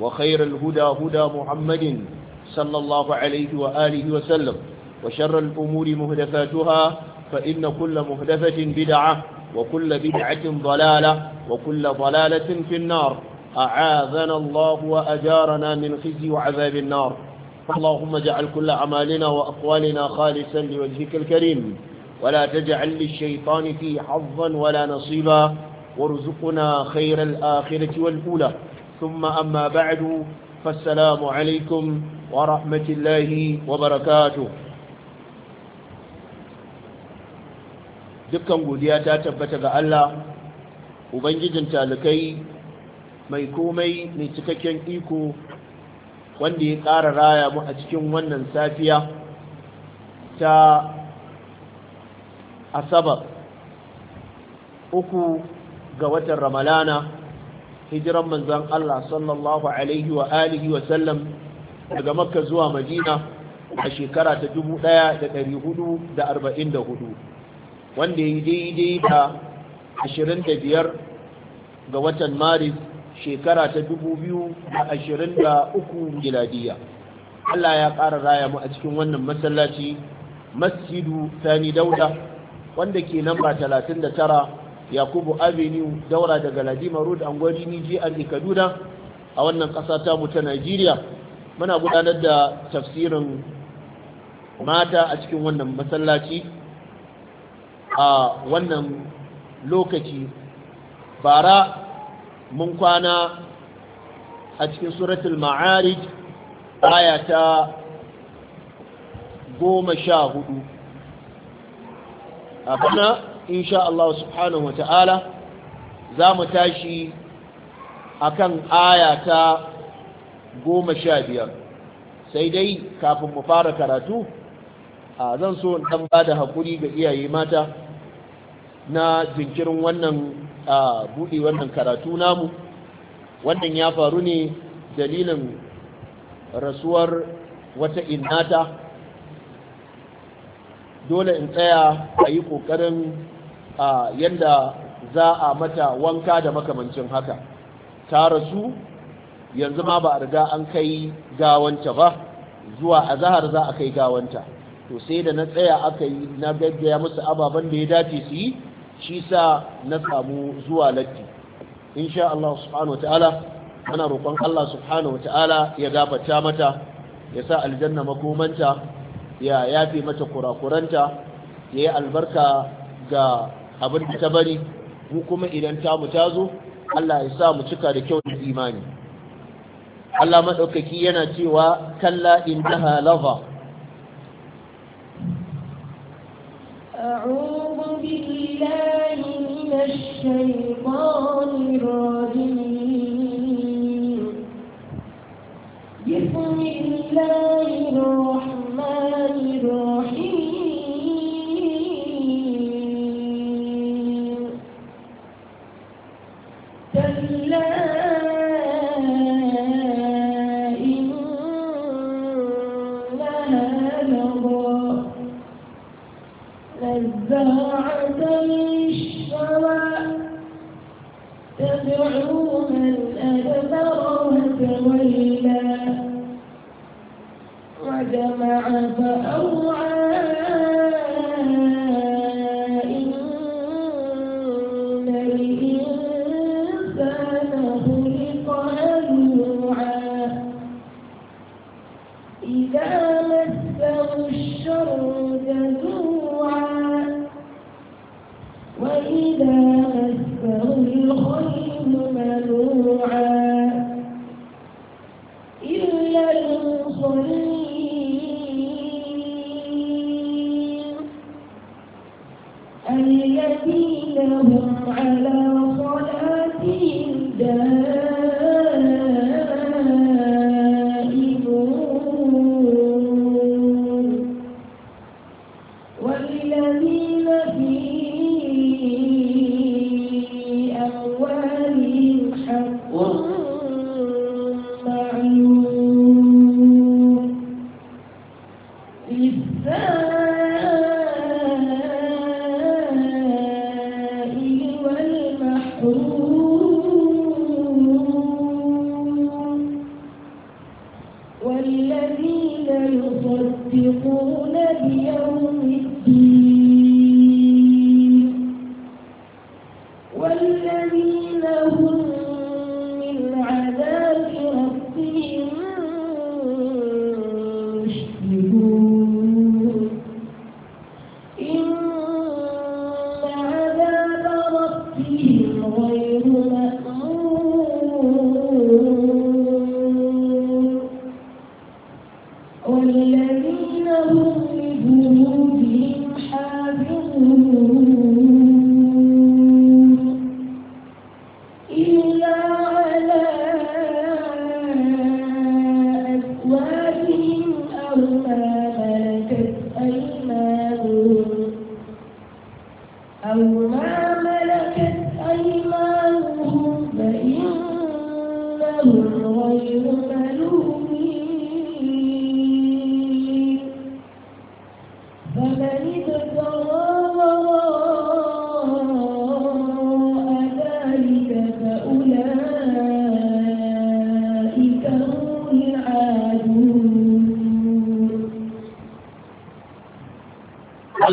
وخير الهدى هدى محمد صلى الله عليه وآله وسلم وشر الأمور مهدفاتها فإن كل مهدفة بدعة وكل بدعة ضلالة وكل ضلالة في النار أعاذنا الله وأجارنا من خزي وعذاب النار اللهم اجعل كل أعمالنا وأقوالنا خالصا لوجهك الكريم ولا تجعل للشيطان فيه حظا ولا نصيبا وارزقنا خير الآخرة والأولى ثم أما بعد فالسلام عليكم ورحمة الله وبركاته dukkan godiya ta tabbata ga Allah ubangijin talikai mai komai mai cikakken iko wanda ya ƙara raya mu a cikin wannan safiya ta asabar uku ga watan ramalana hijiran manzan Allah sallallahu alaihi wa alihi wa sallam daga makka zuwa madina a shekara ta 1444 wanda ya daidai da 25 ga watan maris shekara ta 2023 Gila'diya. Allah ya ƙara raya mu a cikin wannan masallaci masjidu sani dauda wanda ke namba 39 yakubu avenue daura daga ladima road angwari niji a e kaduna a wannan ƙasa ta ta najeriya muna gudanar da tafsirin mata a cikin wannan masallaci a wannan lokaci bara mun kwana a cikin suratul ma'arij aya ta goma sha hudu a bana insha Allah subhanahu wata'ala za mu tashi akan aya ta goma sha biyar sai dai kafin mu fara karatu a zan so in ɗan ba da haƙuri ga iyaye mata na jinkirin wannan a buɗe wannan karatu namu wannan ya faru ne dalilin rasuwar wata innata dole in tsaya a yi ƙoƙarin a yanda za a mata wanka da makamancin haka ta rasu yanzu ma ba a riga an kai gawanta ba zuwa a zahar za a kai gawanta to sai da na tsaya aka yi na gaggaya musu ababen da ya dace su yi shi sa na samu zuwa latti insha Allah subhanahu wa ta'ala ana roƙon Allah subhanahu wa ta'ala ya gafata mata ya sa aljanna makomanta ya yafe mata kurakuranta ya yi albarka ga abin da ta bari mu kuma idan tamu ta zo Allah ya sa mu cika da kyau da imani Allah maɗaukaki yana cewa kalla innaha lava أعوذ بسم الله الرحمن الرحيم تولوا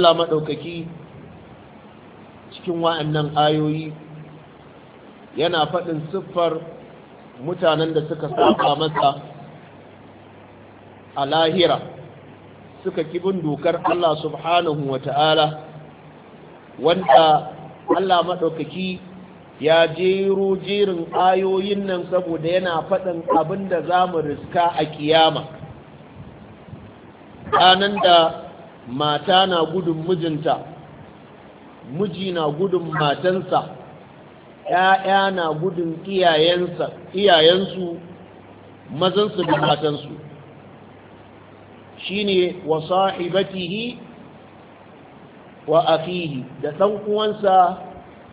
Allah maɗaukaki cikin wa'annan ayoyi yana faɗin siffar mutanen da suka saba masa a lahira suka kibin dokar Allah subhanahu wa ta'ala wanda Allah maɗaukaki ya jero jerin ayoyin nan saboda yana faɗin abin da za mu riska a kiyama ranar da mata na gudun mijinta miji na gudun matansa ‘ya'ya na gudun iyayensu mazansu da matansu shi ne wa sahibatihi wa afihi da ɗan uwansa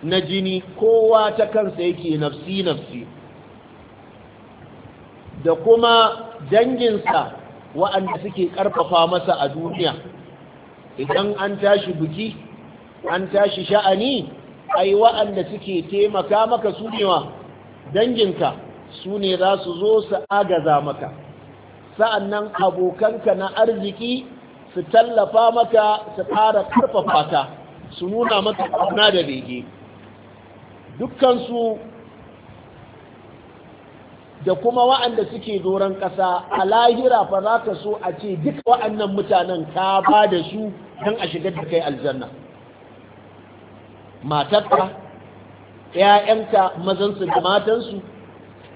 na jini kowa ta kansa yake nafsi-nafsi da kuma danginsa wa'anda suke ƙarfafa masa a duniya idan an tashi buki an tashi sha'ani ai wa'anda suke taimaka maka su newa danginka su ne za su zo su agaza maka sa'annan abokanka na arziki su tallafa maka su fara karfafa ka su nuna maka ƙauna da bege dukkansu da kuma wa'anda suke doron ƙasa a lahira fa za ka so a ce duk wa'annan mutanen ka ba da su don a shigar da kai aljanna matarka ‘ya'yanka mazansu da matansu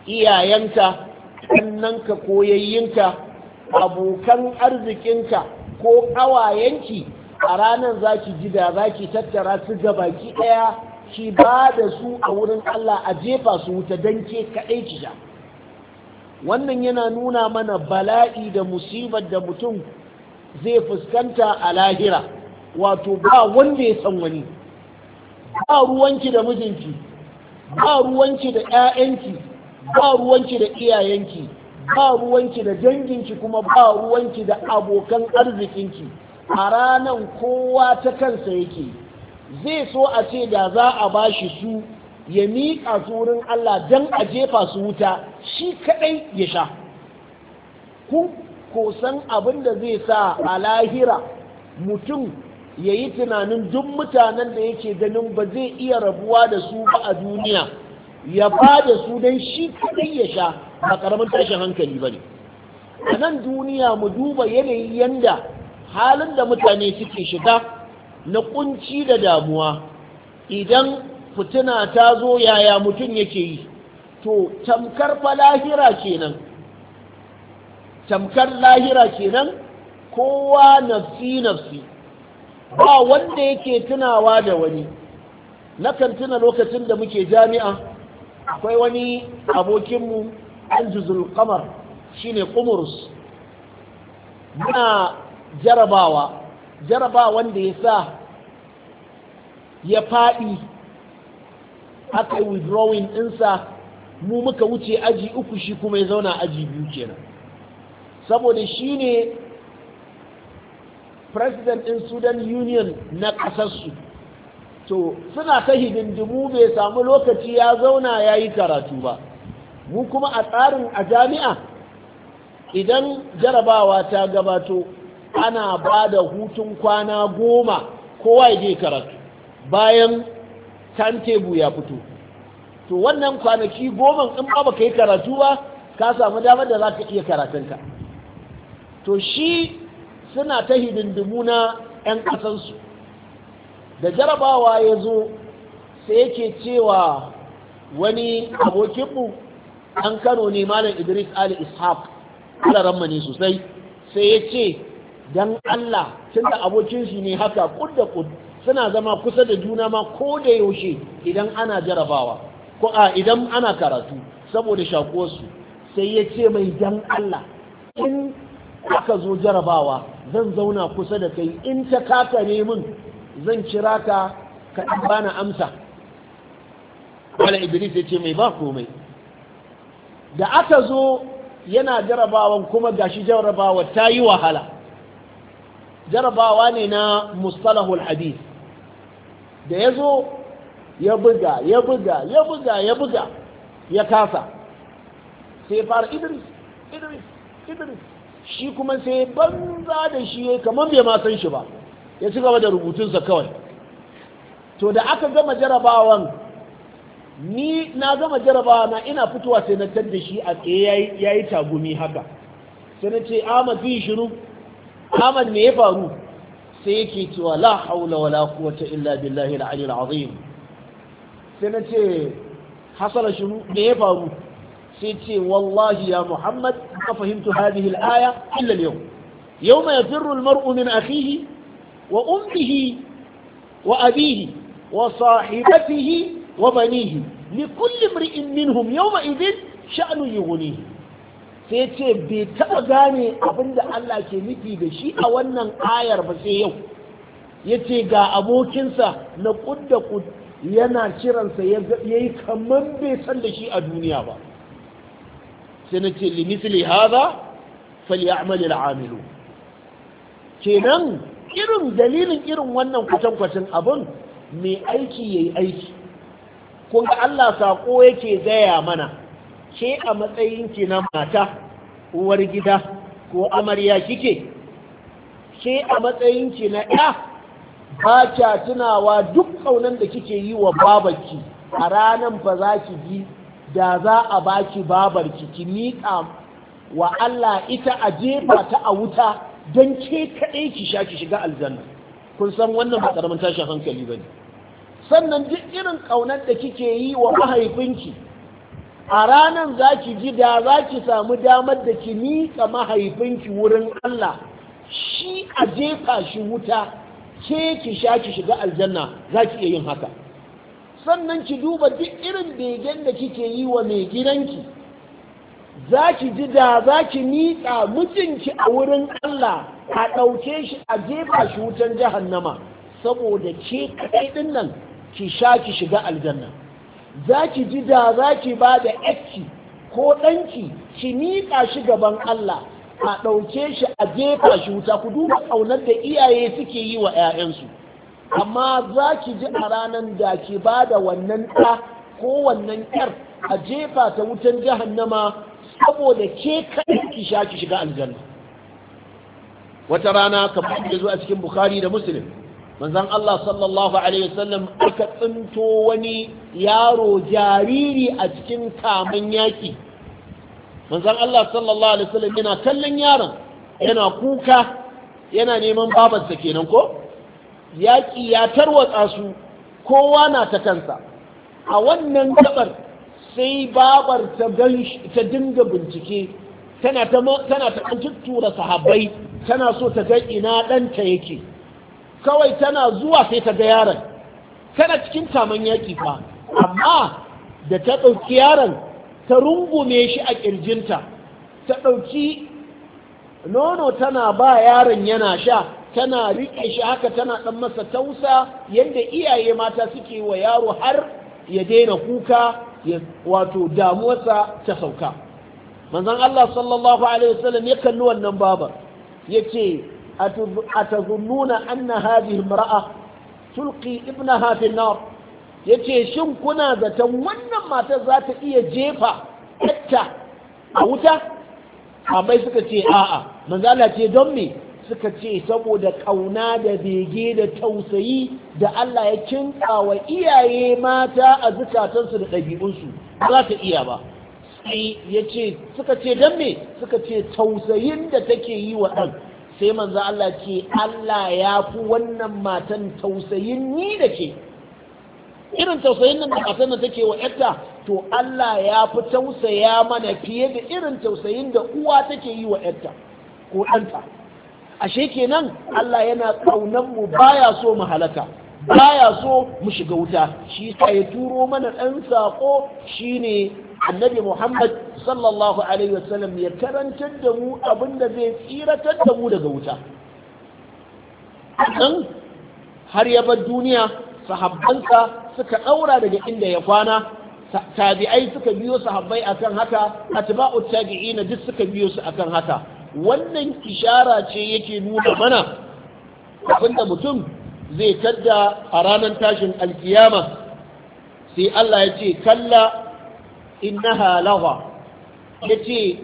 iyayenka ɗannanka koyayyinka abokan arzikinka ko ƙawayenki a ranar za ki ji da za ki tattara su ga baki ɗaya ki ba da su a wurin Allah a jefa su wuta don ke kaɗai ki sha wannan yana nuna mana bala'i da musibar da mutum zai fuskanta a lahira wato ba wanda ya san wani ba ruwanki da mijinki ba ruwanki da 'ya'yanki ba ruwanki da iyayenki ba ruwanki da danginki kuma ba ruwanki da abokan arzikinki a ranan kowa ta kansa yake zai so a ce da za a bashi su ya miƙa tsorin Allah don a jefa su wuta shi kadai ya sha ku kosan abin da zai sa a lahira mutum ya yi tunanin duk mutanen da yake ganin ba zai iya rabuwa da su ba a duniya ya ba da su don shi kadai ya sha ba karamin tashin hankali ba ne a nan duniya mu duba yanayi yanda halin da mutane suke shiga na kunci da damuwa idan fitina ta zo yaya mutum yake yi to tamkar fa lahira kenan tamkar lahira kenan kowa nafsi nafsi ba wanda yake tunawa da wani nakan tuna lokacin da muke jami'a akwai wani abokinmu aljuzul kamar shine kumurus muna jarabawa Jaraba wanda ya sa ya faɗi aka yi withdrawing ɗinsa mu muka wuce aji uku shi kuma ya zauna aji biyu kenan saboda shi ne president ɗin sudan union na ƙasarsu to suna ta hidindimu bai samu lokaci ya zauna ya yi karatu ba mu kuma a tsarin a jami'a idan jarabawa ta gabato ana ba da hutun kwana goma kowa ya je karatu bayan tantebu ya fito to wannan kwanaki goma in ba ka yi karatu ba ka samu damar da za ka iya karatunka to shi suna ta hidindimu na 'yan ƙasansu da jarabawa ya zo sai yake cewa wani abokinmu an kano ne malam idris ali ishaq alaramma ne sosai sai ya ce don allah tun da abokin ne haka ƙud da kud suna zama kusa da juna ma ko da yaushe idan ana jarabawa ko idan ana karatu saboda shakuwarsu sai ya ce mai dan Allah in aka zo jarabawa zan zauna kusa da kai in ta kaka ne min zan kira ka ka bana amsa wala iblis ya ce mai ba komai da aka zo yana jarabawan kuma gashi jarabawa ta yi wahala jarabawa ne na mustalahul hadith da ya zo ya buga ya buga ya buga ya buga ya kasa sai fara idris idris idris shi kuma sai banza da shi ya kamar bai ma san shi ba ya ci gaba da rubutunsa kawai to da aka gama jarabawan ni na gama jarabawa na ina fitowa sai na tadda shi a tsaye ya yi tagumi haka sai na ce ahmad zai shiru ahmad me ya faru sai yake cewa la haula wala quwwata illa billahi al-ali al-azim sai na ce hasala shiru me ya faru sai ce wallahi ya muhammad ka fahimtu hadihi al-aya illa yau yawm yawma yafirru al-mar'u min akhihi wa ummihi wa abihi wa sahibatihi wa banihi li kulli imri'in minhum yawma idhin sha'nu yughnihi sai ce bai taɓa gane abin da Allah ke nufi da shi a wannan ayar ba sai yau ya ce ga abokinsa na ƙudda yana kiransa ya yi kamar bai san da shi a duniya ba sai na ce limisli haza falyamalil amilu kenan irin dalilin irin wannan kwacin-kwacin abin mai aiki ya yi aiki kun Allah saƙo yake gaya mana Ke a matsayinki na mata uwar gida ko amarya kike Ke a matsayinki na 'ya ba tunawa duk kaunan da kike yi wa babarki a ranan ba za ki ji da za a baki babarki ki miƙa wa Allah ita a jefa ta a wuta don ke kaɗai ki sha ki shiga aljanna kun san wannan ba ƙaramin tashin hankali ba ne sannan duk irin ƙaunar da kike yi wa mahaifinki a ranar za ki ji da za ki samu damar da ki miƙa mahaifinki wurin Allah shi a jefa shi wuta ke ki sha ki shiga aljanna za ki iya yin haka sannan ki duba duk irin begen da kike yi wa mai gidanki za ki ji da za ki miƙa mijinki a wurin Allah a ɗauke shi a jefa shi wutan jahannama saboda ke kaɗai ɗin nan ki sha ki shiga aljanna za ki ji da za ki ba da ki ko ɗanki ki miƙa shi gaban Allah a ɗauke shi a jefa shi wuta ku duba ƙaunar da iyaye suke yi wa 'ya'yansu amma za ki ji a ranar da ki ba da wannan ɗa ko wannan ƴar a jefa ta wutan jahannama saboda ke kaɗai ki sha ki shiga aljanna wata rana kamar da zo a cikin bukhari da muslim manzon Allah sallallahu alaihi wasallam aka tsinto wani yaro jariri a cikin kaman yaki manzon Allah sallallahu alaihi wasallam yana kallon yaron yana kuka yana neman babarsa kenan ko yaƙi ya tarwatsa su kowa na ta kansa a wannan gabar sai babar ta dinga bincike tana ta tura sahabbai tana so ta ga ina ɗanta yake kawai tana zuwa sai ta ga yaron tana cikin taman yaƙi fa amma da ta ɗauki yaron ta rungume shi a ƙirjinta ta ɗauki nono tana ba yaron yana sha tana riƙe shi haka tana ɗan masa tausa yadda iyaye mata suke wa yaro har ya daina kuka wato damuwarsa ta sauka manzon Allah sallallahu alaihi wasallam ya kalli wannan babar yace atazununa anna hadhihi imra'a tulqi ibnaha fi hafi nar ya ce shin kuna zaton wannan matar za ta iya jefa ɗatta a wuta amai suka ce a'a manzala ce don me suka ce saboda kauna da bege da tausayi da Allah ya kinka wa iyaye mata a zukatansu da ɗabi'unsu za ta iya ba sai ya ce suka ce don me suka ce tausayin da take yi wa ɗan sai manza Allah ce Allah ya fi wannan matan tausayin ni da ke irin tausayin nan da matan da take wa yarta to Allah ya fi tausaya mana fiye da irin tausayin da uwa take yi wa yarta ko ɗanta ashe kenan Allah yana ƙaunan mu baya so mu halaka baya so mu shiga wuta shi sa ya turo mana ɗan saƙo shine annabi Muhammad sallallahu alaihi wasallam ya karantar da mu abinda zai tsiratar da mu daga wuta har ya bar duniya sahabbansa suka ɗaura daga inda ya kwana tabi'ai suka biyo sahabbai akan haka atba'u tabi'ina duk suka biyo su akan haka wannan ishara ce yake nuna mana abinda mutum zai tadda a ranar tashin alkiyama sai Allah ya ce kalla inna halawa, ya ce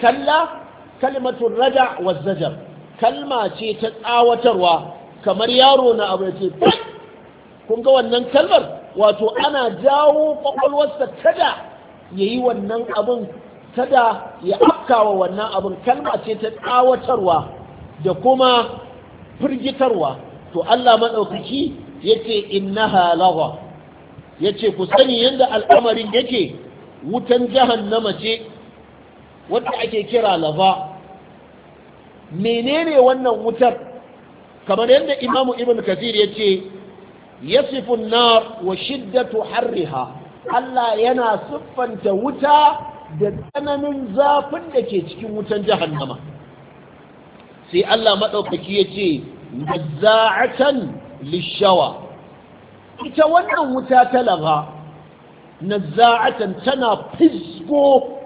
kalla kalmatun raja wazzajar kalma ce ta tsawatarwa kamar yaro na abu ya ce kun ga wannan kalmar wato ana jawo kwakwalwarsa tada ya yi wannan abin tada ya afkawa wannan abin kalma ce ta tsawatarwa da kuma firgitarwa to Allah maɗaukaki ya ce innaha halawa. ya ce ku sani yadda al'amarin yake wutan na mace wadda ake kira lava menene wannan wutar kamar yadda imamu ibn kasir ya ce yasifu nar wa shiddatu harriha Allah yana siffanta wuta da tsananin zafin da ke cikin wutan jahannama sai Allah maɗaukaki ya ce nazza'atan lishawa ita wannan wuta ta laba nazza'atan tana fisgo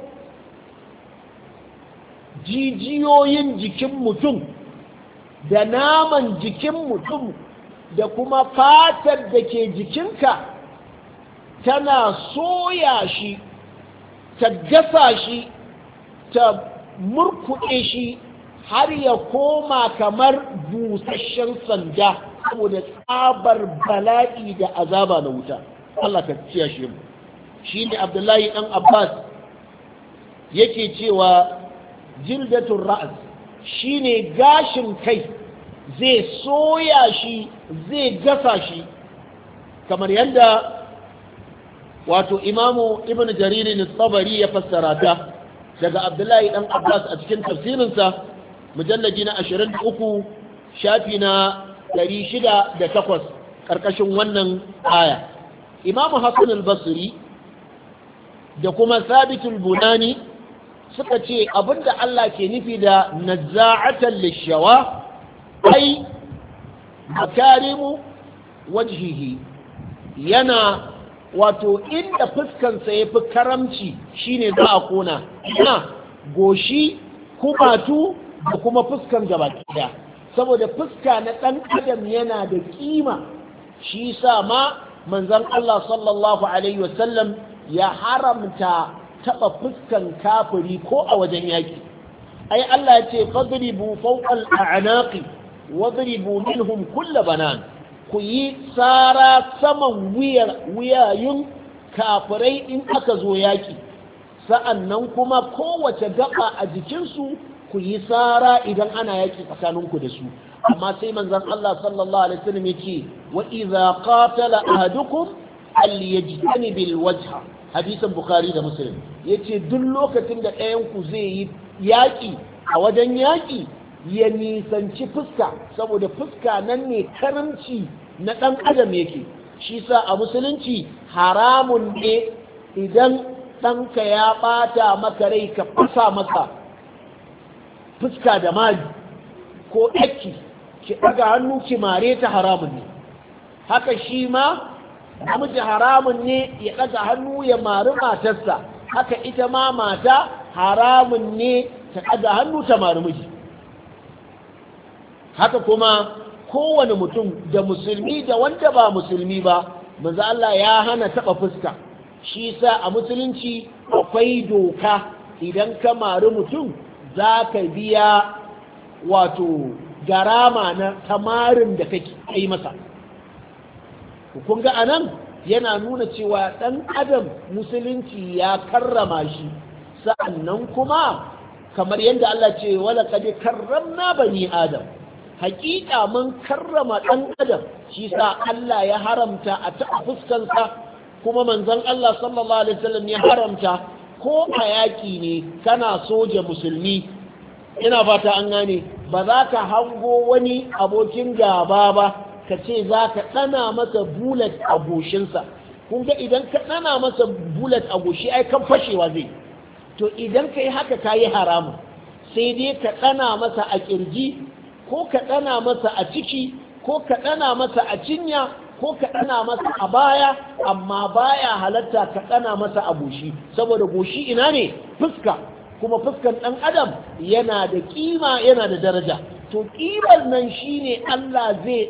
jijiyoyin jikin mutum da naman jikin mutum da kuma fatar da ke jikinka tana soya shi ta gasa shi ta murkuɗe shi har ya koma kamar busasshen sanda saboda tsabar bala'i da azaba na wuta Allah ka ciya shi mu shi ne abdullahi ɗan abbas yake cewa jildatun ra'as shi ne gashin kai zai soya shi zai gasa shi kamar yadda wato imamu ibn jaririn tsabari ya fassara ta daga abdullahi dan abbas a cikin tafsirinsa mujallaji na 23 shafi na 608 karkashin wannan aya imamu hassan al-basri da kuma sabitul bunani suka ce abinda Allah ke nufi da nazza'atan lishawa ai makarimu wajihi, yana wato inda fuskansa ya fi karamci shine za a kona ina goshi kumatu da kuma fuskan gaba saboda fuska na ɗan adam yana da ƙima, shi sa ma manzon Allah sallallahu alaihi wasallam ya haramta taɓa fuskan kafiri ko a wajen yaki ai Allah ya ce fadribu fawqa al-a'naqi wadribu minhum kull banan ku yi tsara saman wuyayun kafirai in aka zo yaƙi sa'annan kuma kowace gaba a jikinsu ku yi tsara idan ana yaki tsakaninku da su amma sai manzon Allah sallallahu alaihi wasallam yace wa idza qatala ahadukum al bil wajha hadisin bukhari da muslim yace duk lokacin da ɗayan ku zai yi yaki a wajen yaki ya nisanci fuska saboda fuska nan ne karamci na ɗan adam yake shi sa a musulunci haramun ne idan ɗanka ya ɓata maka rai ka fasa maka fuska da mali ko ɗaki ki ɗaga hannu ki mare ta haramun ne haka shi ma namiji haramun ne ya ɗaga hannu ya mari matarsa haka ita ma mata haramun ne ta ɗaga hannu ta mari miji haka kuma kowane mutum da musulmi da wanda ba musulmi ba maza Allah ya hana taba fuska shi sa a musulunci akwai doka idan ka mari mutum za ka biya wato garama na tamarin da kake kai masa kun ga anan yana nuna cewa ɗan adam musulunci ya karrama shi sa'an nan kuma kamar yadda Allah ce wala kade karramna bani adam hakika mun karrama ɗan adam shi sa Allah ya haramta a ta fuskansa kuma manzon Allah sallallahu alaihi wasallam ya haramta ko a yaki ne kana soja musulmi ina fata an gane ba za ka hango wani abokin gaba ba ka ce za ka tsana masa bulet a goshinsa kun ga idan ka tsana masa bulet a goshi ai kan fashewa zai to idan ka haka ka yi haramun sai dai ka tsana masa a ƙirji ko ka ɗana masa a ciki ko ka ɗana masa a cinya ko ka ɗana masa a baya amma baya halatta ka ɗana masa a goshi saboda goshi ina ne fuska kuma fuskan ɗan adam yana da ƙima, yana da daraja to kimar nan shine Allah zai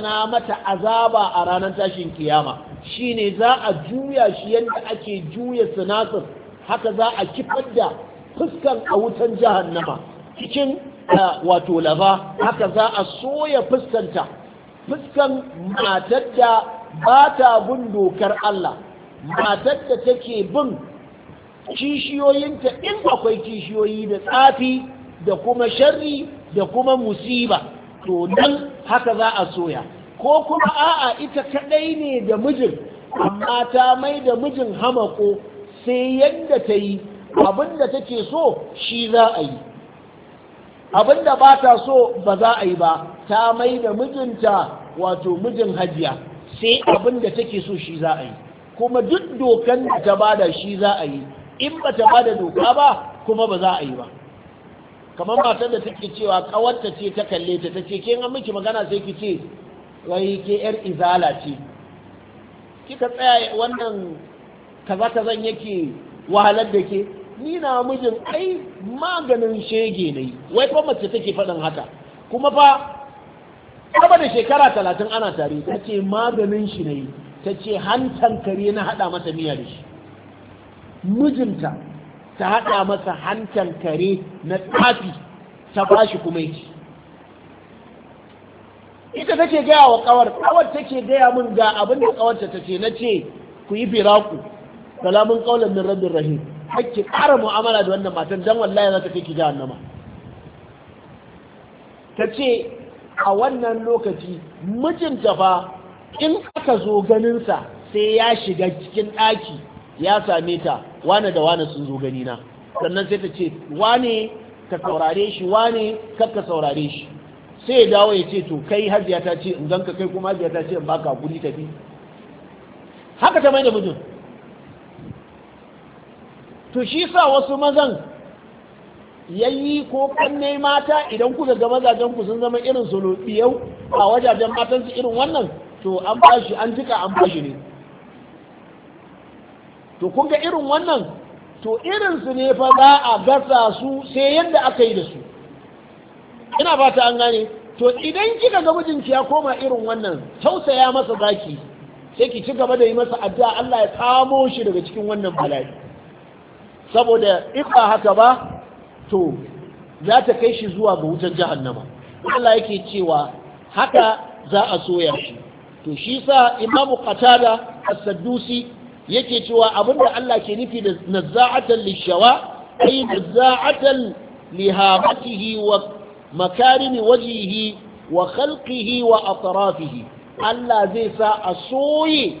na mata azaba a ranar tashin kiyama shine za a juya shi yadda ake juya sinasir haka za a kifar da fuskan a wutan jahannama cikin da wato laba haka za a soya fuskanta fuskan matar da ba ta bin dokar Allah matar da take bin kishiyoyinta in akwai kishiyoyi da tsafi da kuma sharri da kuma musiba to nan haka za a soya ko kuma a'a ita kadai ne da mijin amma ta mai da mijin hamako sai yadda ta yi abinda take so shi za a yi abinda ba ta so ba za a yi ba ta mai da mijinta wato mijin hajiya sai abinda take so shi za a yi kuma duk dokan da ta bada shi za a yi in ba ta bada doka ba kuma ba za a yi ba kamar matar da take cewa kawarta ce ta kalle ta ta ce ke an miki magana sai ki ce wai ke yar izala ce kika tsaya wannan kaza kazan yake wahalar da ke ni na mijin ai maganin shege ne wai fa mace take faɗin haka kuma fa kaba da shekara talatin ana tare ta ce maganin shi ne ta ce hantan kare na haɗa masa miya da shi mijinta ta haɗa masa hantan kare na tafi ta ba shi kuma yi ita take gaya wa kawar kawar take gaya min ga abin da kawarta ta ce na ce ku yi firaku salamun kaulan min Rabin rahim haƙƙi ƙara mu'amala da wannan matan don wallahi za ta kai ki nama. ta ce a wannan lokaci mijinta fa in aka zo ganinsa sai ya shiga cikin ɗaki ya same ta wane da wane sun zo ganina sannan sai ta ce wane ka saurare shi wane kakka saurare shi sai ya dawo ya ce to kai haziya ta ce in zanka kai kuma haziya ta ce in baka guri tafi haka ta mai da mijin to shi sa wasu mazan yayi ko kanne mata idan kuka ga mazajen ku sun zama irin su yau a wajajen matan su irin wannan to an bashi an jika an bashi ne to kun ga irin wannan to irin su ne fa za a gasa su sai yadda aka yi da su ina fata an gane to idan kika ga mijinki ya koma irin wannan tausaya masa zaki sai ki ci gaba da yi masa addu'a Allah ya tsamo shi daga cikin wannan bala'i saboda in ba haka ba to za ta kai shi zuwa ga wutar jahannama Allah yake cewa haka za a soya shi to shi sa imamu qatada as-saddusi yake cewa abinda Allah ke nufi da nazza'atan lishawa ay nazza'atan lihabatihi wa makarim wajhihi wa khalqihi wa atrafihi Allah zai sa a soye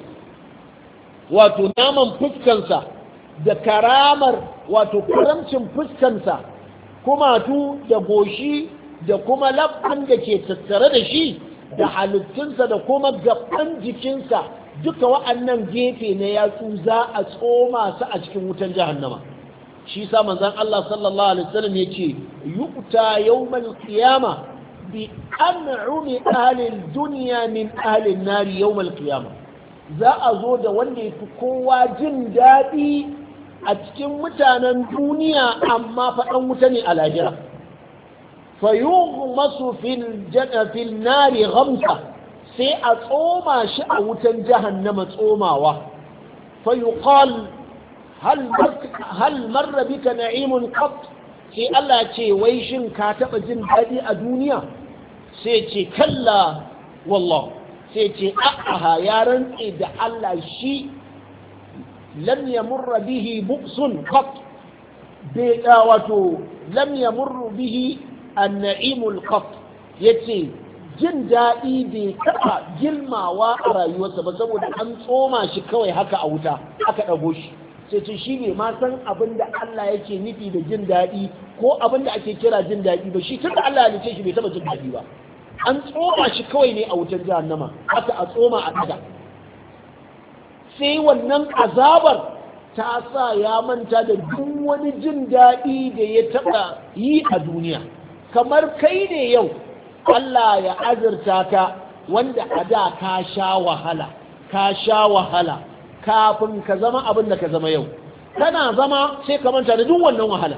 wato naman fuskansa da karamar wato karamcin fuskansa kumatu da goshi da kuma labban da ke tattare da shi da halittunsa da kuma gaban jikinsa duka wa'annan gefe na yatsu za a tsoma su a cikin wutan jahannama shi sa manzon Allah sallallahu alaihi wasallam yace yuqta yawmal qiyama bi an'umi ahli ad-dunya min ahli an-nar yawmal qiyama za a zo da wanda fi kowa jin dadi a cikin mutanen duniya amma faɗan wuta ne a lahira fayughmasu fil nari gamsa sai a tsoma shi a wutan jahannama tsomawa fayuqal hal marra bika na'imun qat sai Allah ce wai shin ka taɓa jin daɗi a duniya sai ce kalla wallah sai ce a'a ya rantse da Allah shi lam bihi bu'sun qat bai ah, wato lam yamurru bihi an-na'imul qat yace jin daɗi bai taɓa girmawa a rayuwarsa ba saboda an tsoma shi kawai haka a wuta aka ɗago shi sai ce shi ne ma san abin da Allah yake nufi da jin daɗi ko abin da ake kira jin daɗi ba shi tun da Allah ya ce shi bai taɓa jin daɗi ba an tsoma shi kawai ne a wutar jahannama haka a tsoma a ɗaga sai wannan azabar ta sa ya manta da duk wani jin daɗi da ya taɓa yi a duniya kamar kai ne yau Allah ya azurta ka wanda a da ka sha wahala ka sha wahala kafin ka zama abin da ka zama yau kana zama sai ka manta da duk wannan wahala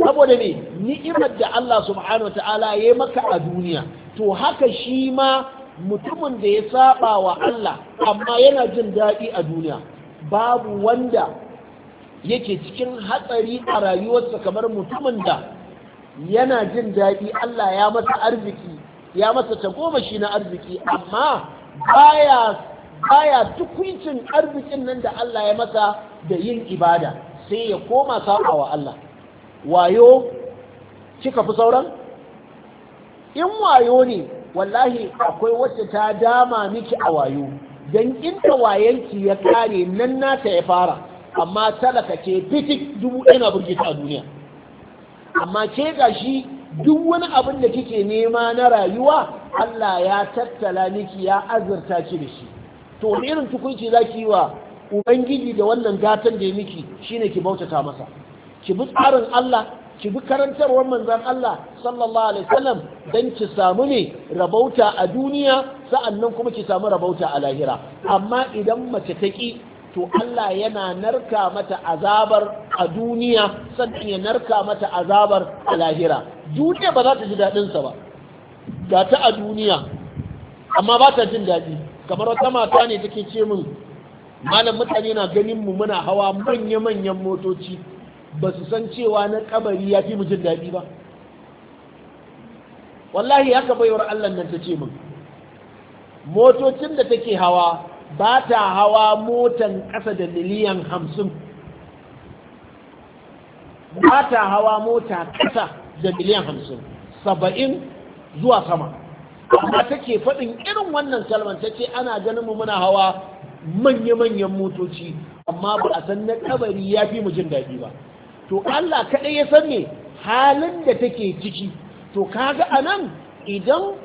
saboda ne ni'imar da Allah subhanahu ta'ala ya maka a duniya to haka shi ma mutumin da ya saba wa Allah amma yana jin daɗi a duniya babu wanda yake cikin hatsari a rayuwarsa kamar mutumin da yana jin daɗi Allah ya masa arziki ya masa tagomashi na arziki amma baya baya tukuncin arzikin nan da Allah ya masa da yin ibada sai ya koma saba wa Allah wayo kika fi sauran in wayo ne wallahi akwai wacce ta dama miki a wayo don inda wayanki ya kare nan nata ya fara amma talaka ce fitik dubu ɗaya burgita a duniya amma ke ga shi duk wani abin da kike nema na rayuwa Allah ya tattala miki ya azurta ki da shi to wani irin tukunci za ki yi wa ubangiji da wannan gatan da ya miki shine ki bautata masa ki bi tsarin Allah ki bi karantarwar manzan Allah sallallahu alaihi wasallam dan ki samu ne rabauta a duniya sa'annan kuma ki samu rabauta a lahira amma idan mace ta ki to Allah yana narka mata azabar a duniya sannan ya narka mata azabar a lahira duniya ba za ta ji daɗin sa ba ga ta a duniya amma ba ta jin daɗi kamar wata mata ne take ce min malam mutane na ganin mu muna hawa manya-manyan motoci ba su san cewa na kabari ya fi jin daɗi ba wallahi haka baiwar Allah nan ta ce min motocin da take hawa ba ta hawa motan ƙasa da miliyan hamsin ba ta hawa mota ƙasa da miliyan hamsin saba'in zuwa sama amma take faɗin irin wannan salman ta ce ana ganin mu muna hawa manya-manyan motoci amma ba a san na kabari ya fi mu jin daɗi ba to Allah kaɗai ya san ne halin da take ciki to kaga anan idan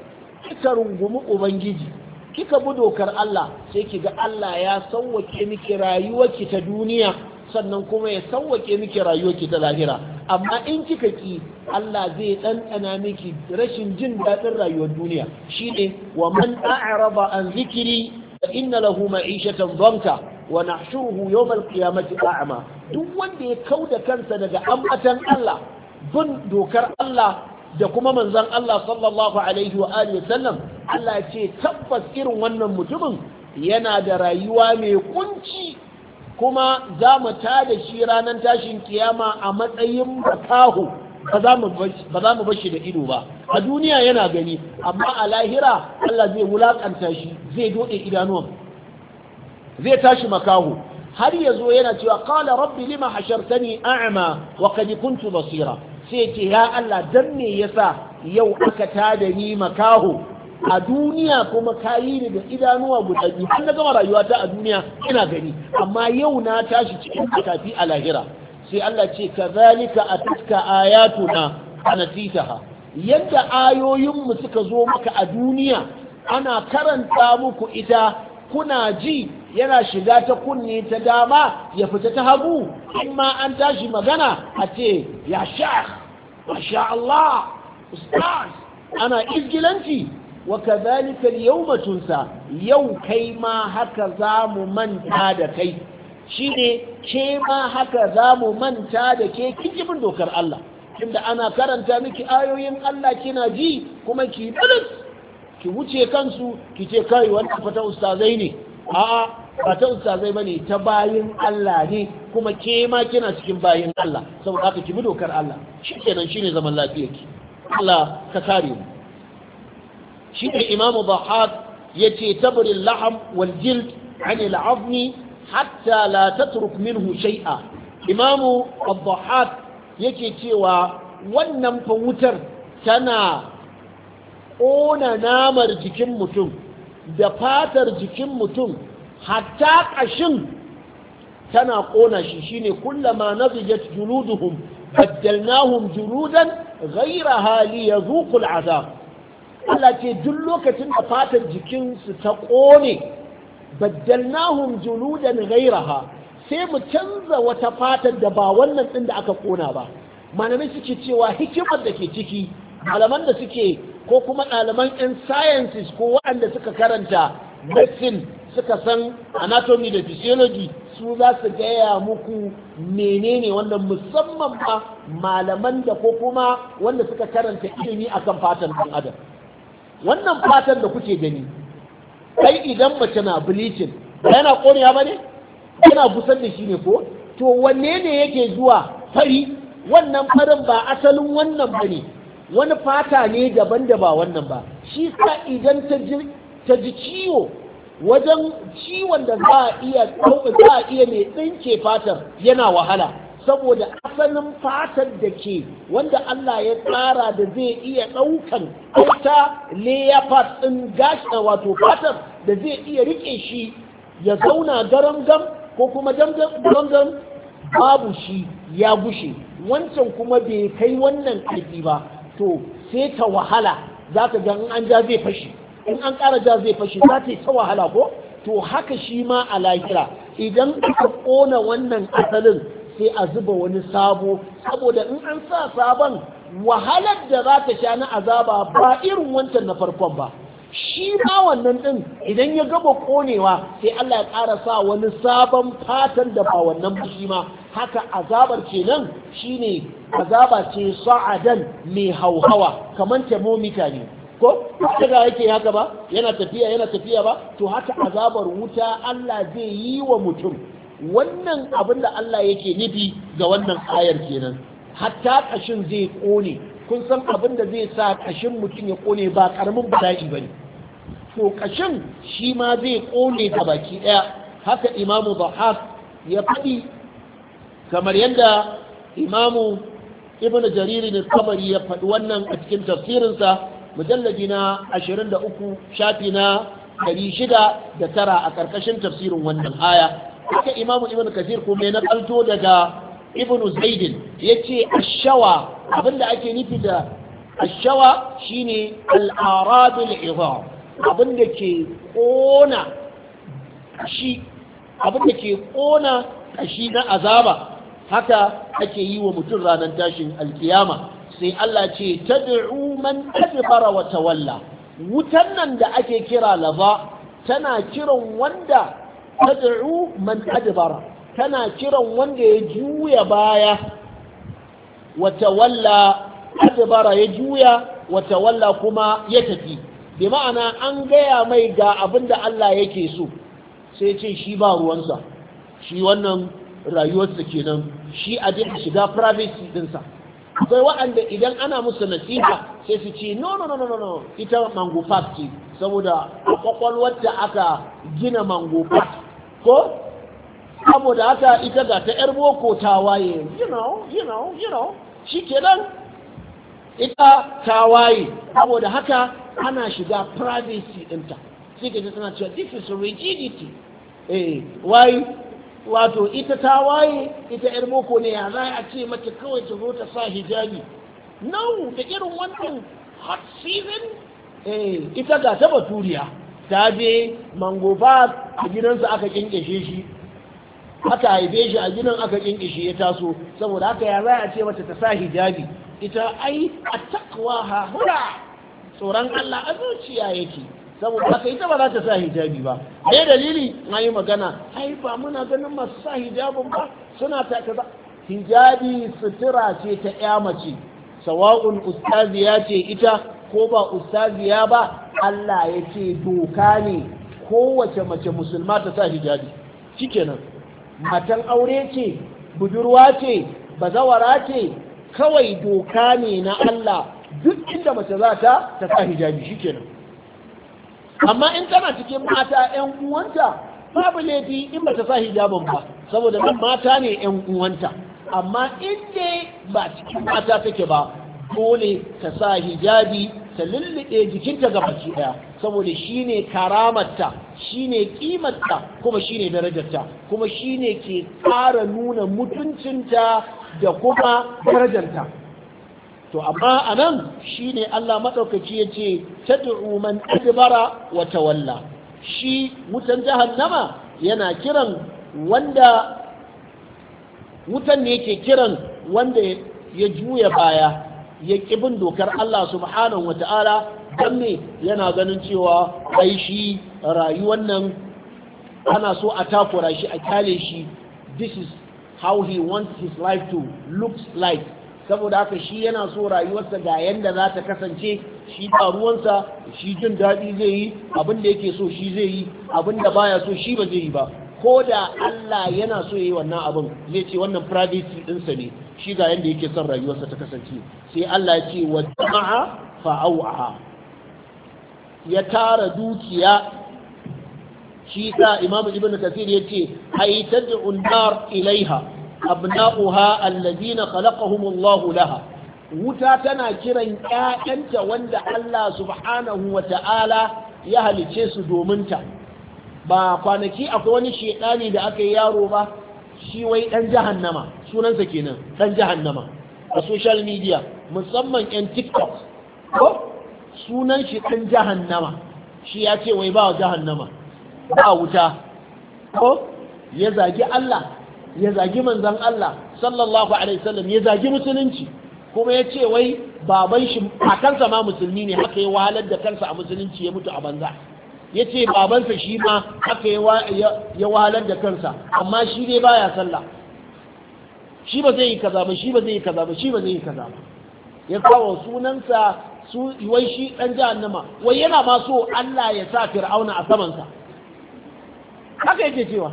kika rungumi ubangiji kika bi dokar Allah sai kiga Allah ya sauwake miki rayuwarki ta duniya sannan kuma ya sauwake miki rayuwarki ta lahira amma in kika ki Allah zai ɗanɗana miki rashin jin daɗin rayuwar duniya shine wa man raba an zikiri inna lahu ma'ishatan dhanka wa nahshuruhu yawm qiyamati a'ma duk wanda ya kau da kansa daga ambatan Allah bin dokar Allah da kuma manzon Allah sallallahu alaihi wa sallam Allah ce tabbas irin wannan mutumin yana da rayuwa mai kunci kuma za mu tada shi ranar tashin kiyama a matsayin makaho ba za mu bashi da ido ba a duniya yana gani amma a lahira Allah zai wulakanta shi zai dode idanuwan zai tashi makaho har ya zo yana cewa qala rabbi lima hashartani a'ma wa qad kuntu basira sai ce ya Allah dan me yasa yau aka tada ni makaho a duniya kuma kayi ni da idanuwa guda biyu har na gama rayuwata a duniya ina gani amma yau na tashi cikin kafi a lahira sai Allah ce kazalika atatka ayatuna anasitaha yadda ayoyinmu suka zo maka a duniya ana karanta muku ita kuna ji yana shiga ta kunni ta dama ya fita ta hagu in ma an tashi magana a ce ya shah masha Allah ustaz ana izgilanci wa kadhalika al yau kai ma haka zamu manta da kai shine ke ma haka zamu manta da ke kijibin dokar Allah inda ana karanta miki ayoyin Allah kina ji kuma ki bilis ki wuce kansu ki ce kai wannan fata ustazai ne A'a, ba zai ustazai bane ta bayin Allah ne kuma ke ma kina cikin bayin Allah saboda haka ki bi dokar Allah shikenan shine zaman lafiyarki Allah ka kare mu shi ne Imam Bahad yace tabri laham wal jild an al azmi hatta la tatruk minhu shay'a Imam Bahad yake cewa wannan fa wutar tana ƙona namar jikin mutum da fatar jikin mutum hatta ƙashin tana ƙona shi shine kullama nazijat juluduhum baddalnahum juludan ghayra hali yazuqu al'azab Allah ce duk lokacin da fatar jikinsu ta ƙone baddalnahum juludan ghayraha sai mu canza wata fatar da ba wannan ɗin da aka ƙona ba malamai suke cewa hikimar da ke ciki malaman da suke ko kuma ɗaliban 'yan sciences ko waɗanda suka karanta medicine suka san anatomy da physiology su za su gaya muku menene wanda musamman ma malaman da ko kuma wanda suka karanta ilimi akan fatan ɗan adam wannan fatan da kuke gani kai idan mace na bleaching ba yana ƙonewa ba ne yana busar da shi ne ko to wanne ne yake zuwa fari wannan farin ba asalin wannan ba ne wani fata ne daban da ba wannan ba shi sa idan ta ji ciwo wajen ciwon da za a iya za a iya mai tsinke fatar yana wahala saboda asalin fatar da ke wanda Allah ya tsara da zai iya ɗaukan ta layer part ɗin gashi eh, wato fatar da zai iya riƙe shi ya zauna garamgam ko kuma garamgam babu shi ya gushe wancan kuma bai kai wannan ƙarfi ba to sai ta wahala za ka gan an ja zai fashi in an ƙara ja zai fashi za ta yi ta wahala ko to haka shi ma a lahira idan aka ƙona wannan asalin sai a zuba wani sabo saboda in an sa sabon wahalar da za ta sha na azaba ba irin wancan na farkon ba shi ma wannan ɗin idan ya gaba ƙonewa sai Allah ya ƙara sa wani sabon fatan da ba wannan ba shi ma haka azabar kenan shine azaba ce sa'adan mai hauhawa kamar thermometer ne ko daga yake haka ba yana tafiya yana tafiya ba to haka azabar wuta Allah zai yi wa mutum wannan abin da Allah yake nufi ga wannan ayar kenan hatta kashin zai kone kun san abin da zai sa kashin mutum ya kone ba karamin bala'i bane to kashin shi ma zai kone ga baki daya haka imamu dhahab ya faɗi kamar yadda imamu ibn jaririn al-tabari ya faɗi wannan a cikin tafsirinsa mujalladi na 23 shafi na 609 a ƙarƙashin tafsirin wannan aya haka imamu ibn kasir kuma ya nakalto daga ibn zaidin yace ashawa abinda ake nufi da ashawa shine al-arad al-idham abinda ke kona shi abinda ke kona kashi na azaba haka ake yi wa mutum ranar tashin alkiyama sai Allah ce tad'u man adbara wa tawalla wutan nan da ake kira laba tana kiran wanda tad'u man adbara tana kiran wanda ya juya baya wata walla adbara ya juya wata walla kuma ya tafi bi ma'ana an gaya mai ga abin da Allah yake so sai ce shi ba ruwansa shi wannan rayuwarsa kenan shi a a shiga privacy dinsa sai wa'anda idan ana musu nasiha sai su ce no no no no no ita mango park ce saboda kwakwalwar da aka gina mango park ko saboda haka ita ga ta yar boko ta waye you know you know you know shi kenan ita ta waye saboda haka ana shiga privacy dinta, sai ka ji tana cewa this is rigidity eh why wato ita ta waye ita yar boko ne ya za a ce mata kawai ta zo ta sa hijabi no da irin wannan hot season eh ita ga ta baturiya ta je mango ba a gidansa aka kinkishe shi aka haife shi a gidan aka kinkishe ya taso saboda haka ya za a ce mata ta sa hijabi ita ai a takwa ha hura tsoron Allah a zuciya yake saboda haka ita ba za ta sa hijabi ba me dalili na yi magana ai ba muna ganin masu sa hijabin ba suna ta kaza hijabi sutura ce ta ya mace sawa'un ustaziya ce ita ko ba ustaziya ba Allah ya ce doka ne kowace mace musulma ta sa hijabi shikenan matan aure ce budurwa ce bazawara ce kawai doka ne na Allah duk inda mace za ta ta sa hijabi shikenan amma in tana cikin mata yan uwanta babu laifi in ba ta sa hijabin ba saboda nan mata ne yan uwanta amma in dai ba cikin mata take ba dole ta sa hijabi ta lullube jikinta ga baki ɗaya saboda ne karamarta shi ne kimarta kuma shi ne darajarta kuma shi ne ke ƙara nuna mutuncinta da kuma darajarta to amma a nan shi ne Allah maɗaukaci ya ce tad'u man adbara wa tawalla shi wutan jahannama yana kiran wanda wutan ne ke kiran wanda ya juya baya ya bin dokar Allah subhanahu wa ta'ala don me yana ganin cewa ai shi rayuwar nan ana so a takura shi a kyale shi this is how he wants his life to look like saboda haka shi yana so rayuwarsa ga yadda za ta kasance shi ruwansa shi jin daɗi zai yi abin da yake so shi zai yi abin da baya so shi ba zai yi ba ko da Allah yana so yi wannan abin zai ce wannan privacy ɗinsa ne shi ga yanda yake son rayuwarsa ta kasance sai Allah ya ce wa jama'a fa'au'a ya tara dukiya shi sa Imam Ibn kasir ya ce ai tad'u nar ilaiha abna'uha alladhina khalaqahumullahu laha wuta tana kiran ƴaƴanta wanda Allah subhanahu wa ta'ala ya halice su domin ta ba kwanaki akwai wani shedani da aka yi yaro ba shi wai dan jahannama sunansa kenan dan jahannama a social media musamman ƴan TikTok ko sunan shi dan jahannama shi ya ce wai ba jahannama ba wuta ko ya zagi Allah ya zagi manzan Allah sallallahu alaihi sallam ya zagi musulunci kuma ya ce wai baban shi a kansa ma musulmi ne haka ya wahalar da kansa a musulunci ya mutu a banza ya ce babansa shi ma haka ya wahalar da kansa amma shi dai baya sallah shi ba zai yi kaza ba shi ba zai yi kaza ba shi ba zai yi kaza ba ya kawo sunansa su wai shi dan jahannama wai yana ma so Allah ya sa fir'auna a samansa haka yake cewa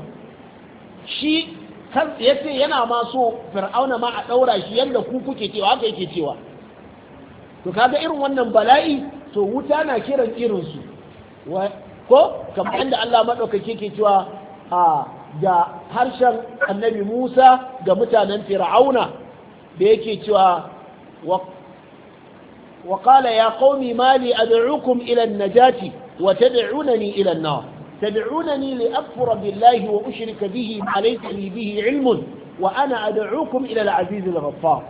shi ya ce yana ma so fir'auna ma a ɗaura shi yadda ku kuke cewa haka yake cewa to kaga irin wannan bala'i to wuta na kiran irinsu ko kamar yadda Allah maɗaukaki ke cewa a ga harshen annabi Musa ga mutanen fir'auna da yake cewa wa qala ya qaumi mali ad'ukum ila an-najati wa tad'unani ila an-nar تدعونني لأكفر بالله وأشرك به ما ليس لي به علم وأنا أدعوكم إلى العزيز الغفار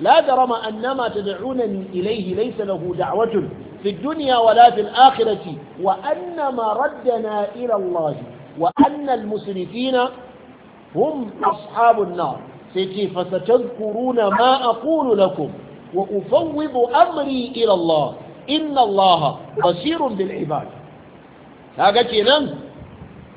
لا جرم أن ما تدعونني إليه ليس له دعوة في الدنيا ولا في الآخرة وأن ما ردنا إلى الله وأن المسرفين هم أصحاب النار سيتي فستذكرون ما أقول لكم وأفوض أمري إلى الله إن الله بصير بالعباد kaga kenan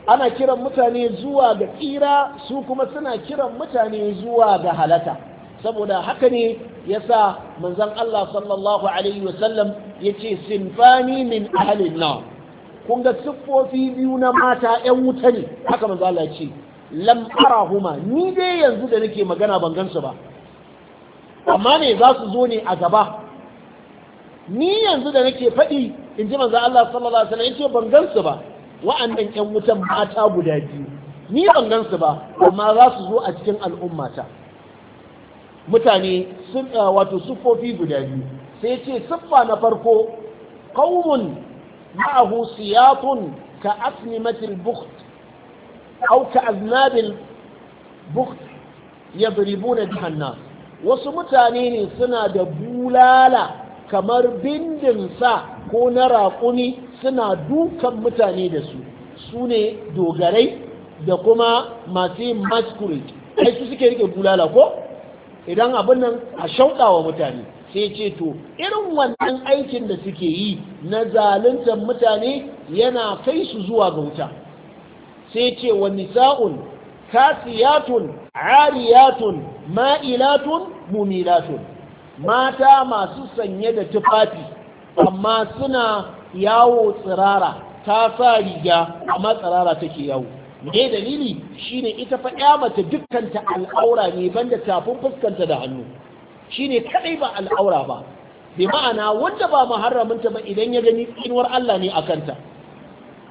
ana kiran mutane zuwa ga tsira su kuma suna kiran mutane zuwa ga halata saboda haka ne yasa manzon Allah sallallahu alaihi wasallam yace sinfani min ahlin nar kun ga siffofi biyu na mata 'yan wuta ne haka manzo Allah ce lam arahuma ni dai yanzu da nake magana ban gansu ba amma ne za su zo ne a gaba ni yanzu da nake faɗi in ji manzo Allah sallallahu alaihi wasallam yace ban su ba wa'annan ƴan wutan mata guda biyu ni ban gansu ba amma za su zo a cikin al'ummata mutane sun eh, wato Sifofi, guda biyu sai yace siffa na farko qaumun ma'ahu siyatun ka asnimatil bukht aw ka aznabil bukht yadribuna biha an-nas wasu mutane ne suna da bulala kamar bindin sa ko na raƙumi suna dukan mutane da su su ne dogarai da kuma masu yin masquerade ai su suke rike bulala ko idan abin nan a wa mutane sai ce to irin wannan aikin da suke yi na zaluntar mutane yana kai su zuwa ga wuta sai ce wa nisa'un kasiyatun ariyatun ma'ilatun mumilatun mata masu sanye da tufafi amma suna yawo tsirara ta sa riga amma tsirara take yawo me dalili shine ita fa ya dukkan ta al'aura ne banda tafin fuskanta da hannu shine kadai ba al'aura ba bi ma'ana wanda ba ta ba idan ya gani tsinuwar Allah ne a kanta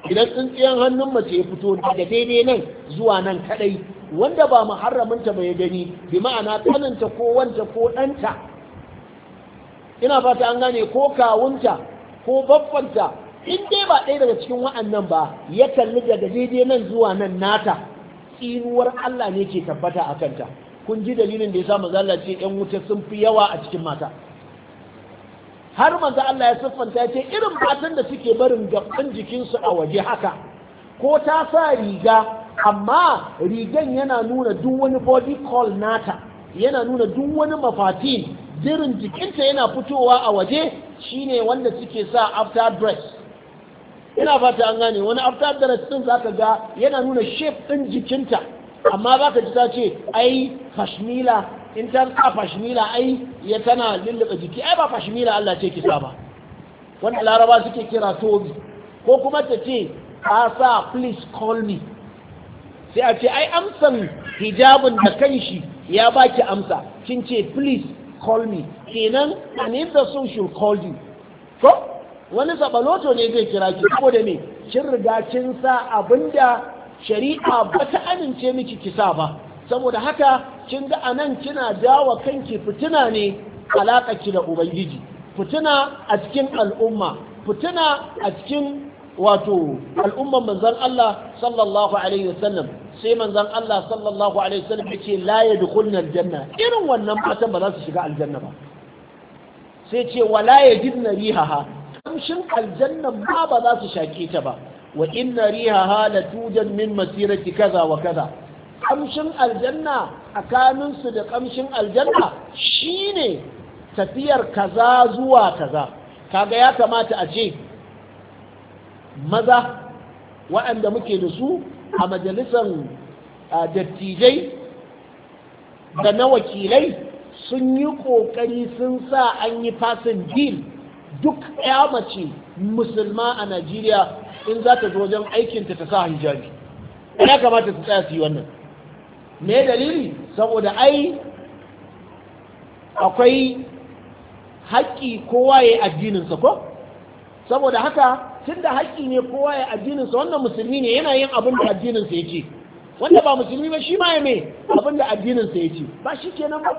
idan tsintsiyan hannun mace ya fito daga daidai nan zuwa nan kadai wanda ba muharraminta ba ya gani bi ma'ana tsananta ko wanta ko ɗanta ina fata an gane ko kawunta ko baffanta in dai ba ɗaya daga cikin wa'annan ba ya kalli daga daidai nan zuwa nan nata tsinuwar Allah ne ke tabbata a kanta kun ji dalilin da ya sa manzo ɗan wuta sun fi yawa a cikin mata har maza Allah ya siffanta ya ce irin fatan da suke barin gaban jikinsu a waje haka ko ta sa riga amma rigan yana nuna duk wani body call nata yana nuna duk wani mafatin Jirin jikinta yana fitowa a waje shine wanda suke sa after dress ina fata an gane wani after dress din ka ga yana nuna shape ɗin jikinta amma zaka ji ta ce ai fashmila in ta sa fashmila ai ya tana lullube jiki ai ba fashmila Allah ce kisa ba wanda laraba suke kira tobi ko kuma ta ce ka sa please call me sai a ce ai amsan hijabin da kan shi ya baki amsa kin ce please call me kenan an if the sun call you ko wani sabaloto ne zai kira ki Ko da me kin riga kin sa abinda shari'a ba ta amince miki ki sa ba saboda haka kin ga anan kina dawa kanki fitina ne ki da ubangiji fitina a cikin al'umma fitina a cikin wato al'umman manzon Allah sallallahu alaihi wasallam sai manzan Allah sallallahu alaihi wasallam laye da yadkhulna janna irin wannan matan ba za su shiga aljanna ba sai ce wala yajidna rihaha kamshin aljanna ma ba za su shaƙe ta ba wa inna rihaha da tujan min masirati kaza wa kaza kamshin aljanna tsakanin su da kamshin aljanna shine tafiyar kaza zuwa kaza kaga ya kamata a ce maza waɗanda muke da su a majalisar dattijai da na wakilai sun yi ƙoƙari sun sa an yi fasin bil duk ya mace musulma a najeriya in za ta zo wajen aikinta ta sa hijabi ya kamata su tsaya su yi wannan me dalili saboda ai akwai haƙƙi kowa ya yi addininsa ko saboda haka tun da haƙƙi ne kowa ya addininsa wannan musulmi ne yana yin abin da addininsa ya ce wanda ba musulmi ba shi ma ya mai abin da addininsa ya ce ba shi ke nan ba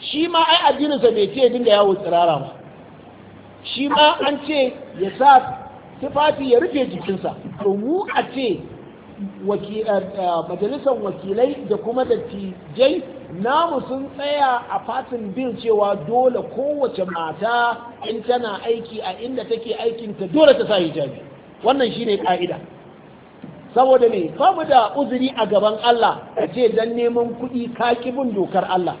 shi ma ai addininsa bai ce ya dinga yawo tsirara ba shi ma an ce ya sa tufafi ya rufe jikinsa to mu a ce Eh, eh, majalisar wakilai da kuma dattijai namu sun tsaya a fatin bil cewa dole kowace mata in tana aiki a inda take aikin ta dole ta sa hijabi wannan shine ka'ida saboda ne famu da uzuri a gaban Allah a ce dan neman kuɗi ka bin dokar Allah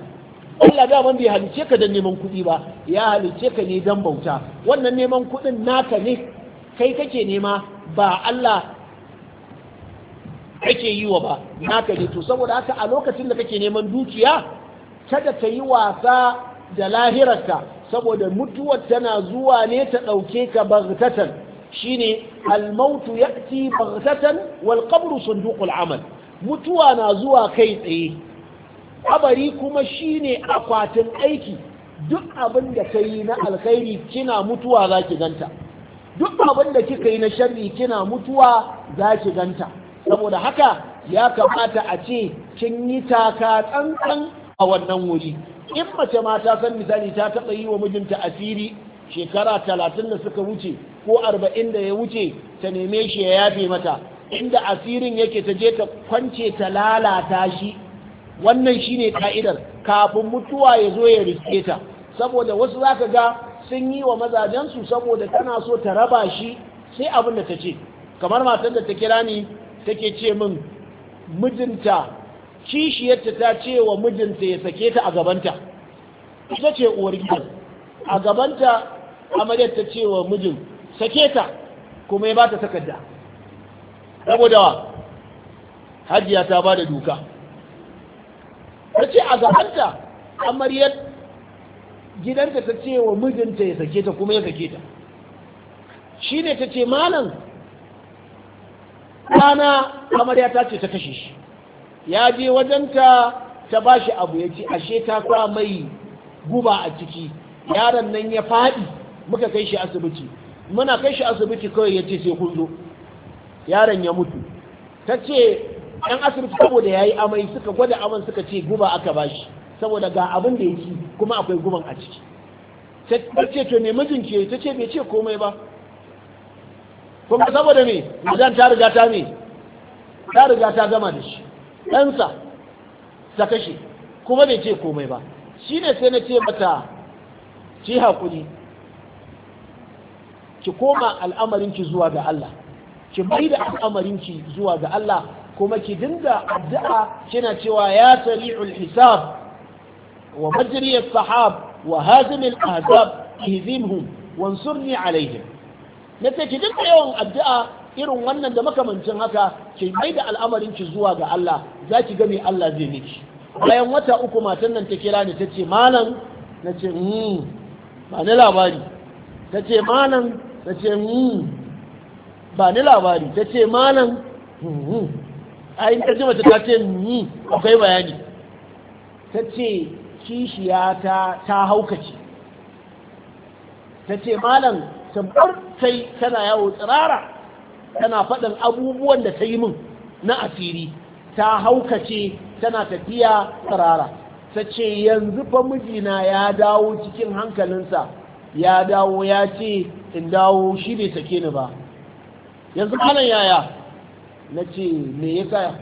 Allah da bai halice ka dan neman kuɗi ba ya halice ka ne dan bauta wannan neman kuɗin naka ne kai kake nema ba Allah ake yi wa ba naka ne to saboda haka a lokacin da kake neman dukiya kada ka yi wasa da lahirarka saboda mutuwar tana zuwa ne ta ɗauke ka bagtatan shine almautu ya'ti bagtatan wal qabru sunduqul amal mutuwa na zuwa kai tsaye kabari kuma shine akwatin aiki duk abin da ka yi na alkhairi kina mutuwa za ki ganta duk abin da kika yi na sharri kina mutuwa za ki ganta saboda haka ya kamata a ce kin yi taka tsantsan a wannan wuri in mace mata ta san misali ta taɓa yi wa mijinta asiri shekara talatin da suka wuce ko arba'in da ya wuce ta neme shi ya yafe mata inda asirin yake ta je ta kwance ta lalata shi wannan shi ne ka'idar kafin mutuwa ya zo ya riske ta saboda wasu za ka ga sun yi wa mazajensu saboda tana so ta raba shi sai abin da ta ce kamar matan da ta kira ni take ce min mijinta kishiyarta ta ce wa mijinta ya sake ta a gabanta ita ce uwar gidan a gabanta amaryar ta ce wa mijin sake ta kuma ya ba ta takarda saboda hajiya ta ba da duka ta ce a gabanta amaryar gidanta ta ce wa mijinta ya sake ta kuma ya sake ta shi ne ta ce malam rana kamar ya tace ta kashe shi ya je wajenta ta ba shi abu ya ce ashe ta sa mai guba a ciki yaron nan ya faɗi muka kai shi asibiti muna kai shi asibiti kawai ya ce sai kun zo yaron ya mutu ta ce ɗan asibiti saboda ya yi amai suka gwada aman suka ce guba aka ba shi saboda ga abin da ya ci kuma akwai guban a ciki ta ce to me mijin ke ta ce bai ce komai ba kuma saboda me madan ta riga ta me ta riga ta gama da shi ɗansa ta kashe kuma bai ce komai ba shi ne sai na ce mata ci hakuri ki koma al'amarinki zuwa ga Allah ki mai da al'amarinki zuwa ga Allah kuma ki dinga addu'a kina cewa ya sari'ul hisab wa majriyas sahab wa hazimil ahzab ihzimhum wansurni alaihim na ce ki dinga yawan addu'a irin wannan da makamancin haka ki mai da al'amarin ki zuwa ga Allah za ki ga me Allah zai miki bayan wata uku matan nan ta kira ni ta ce malam na ce mm ba ni labari ta ce malam ta ce mm ba ni labari ta ce malam mm a in ƙarfi mace ta ce mm akwai bayani ta ce kishiya ta ta haukace ta ce malam tambar kai tana yawo tsirara tana faɗin abubuwan da ta yi min na asiri ta haukace tana tafiya tsirara ta ce yanzu fa mijina ya dawo cikin hankalinsa ya dawo ya ce in dawo shi bai sake ni ba yanzu malam yaya na ce me yasa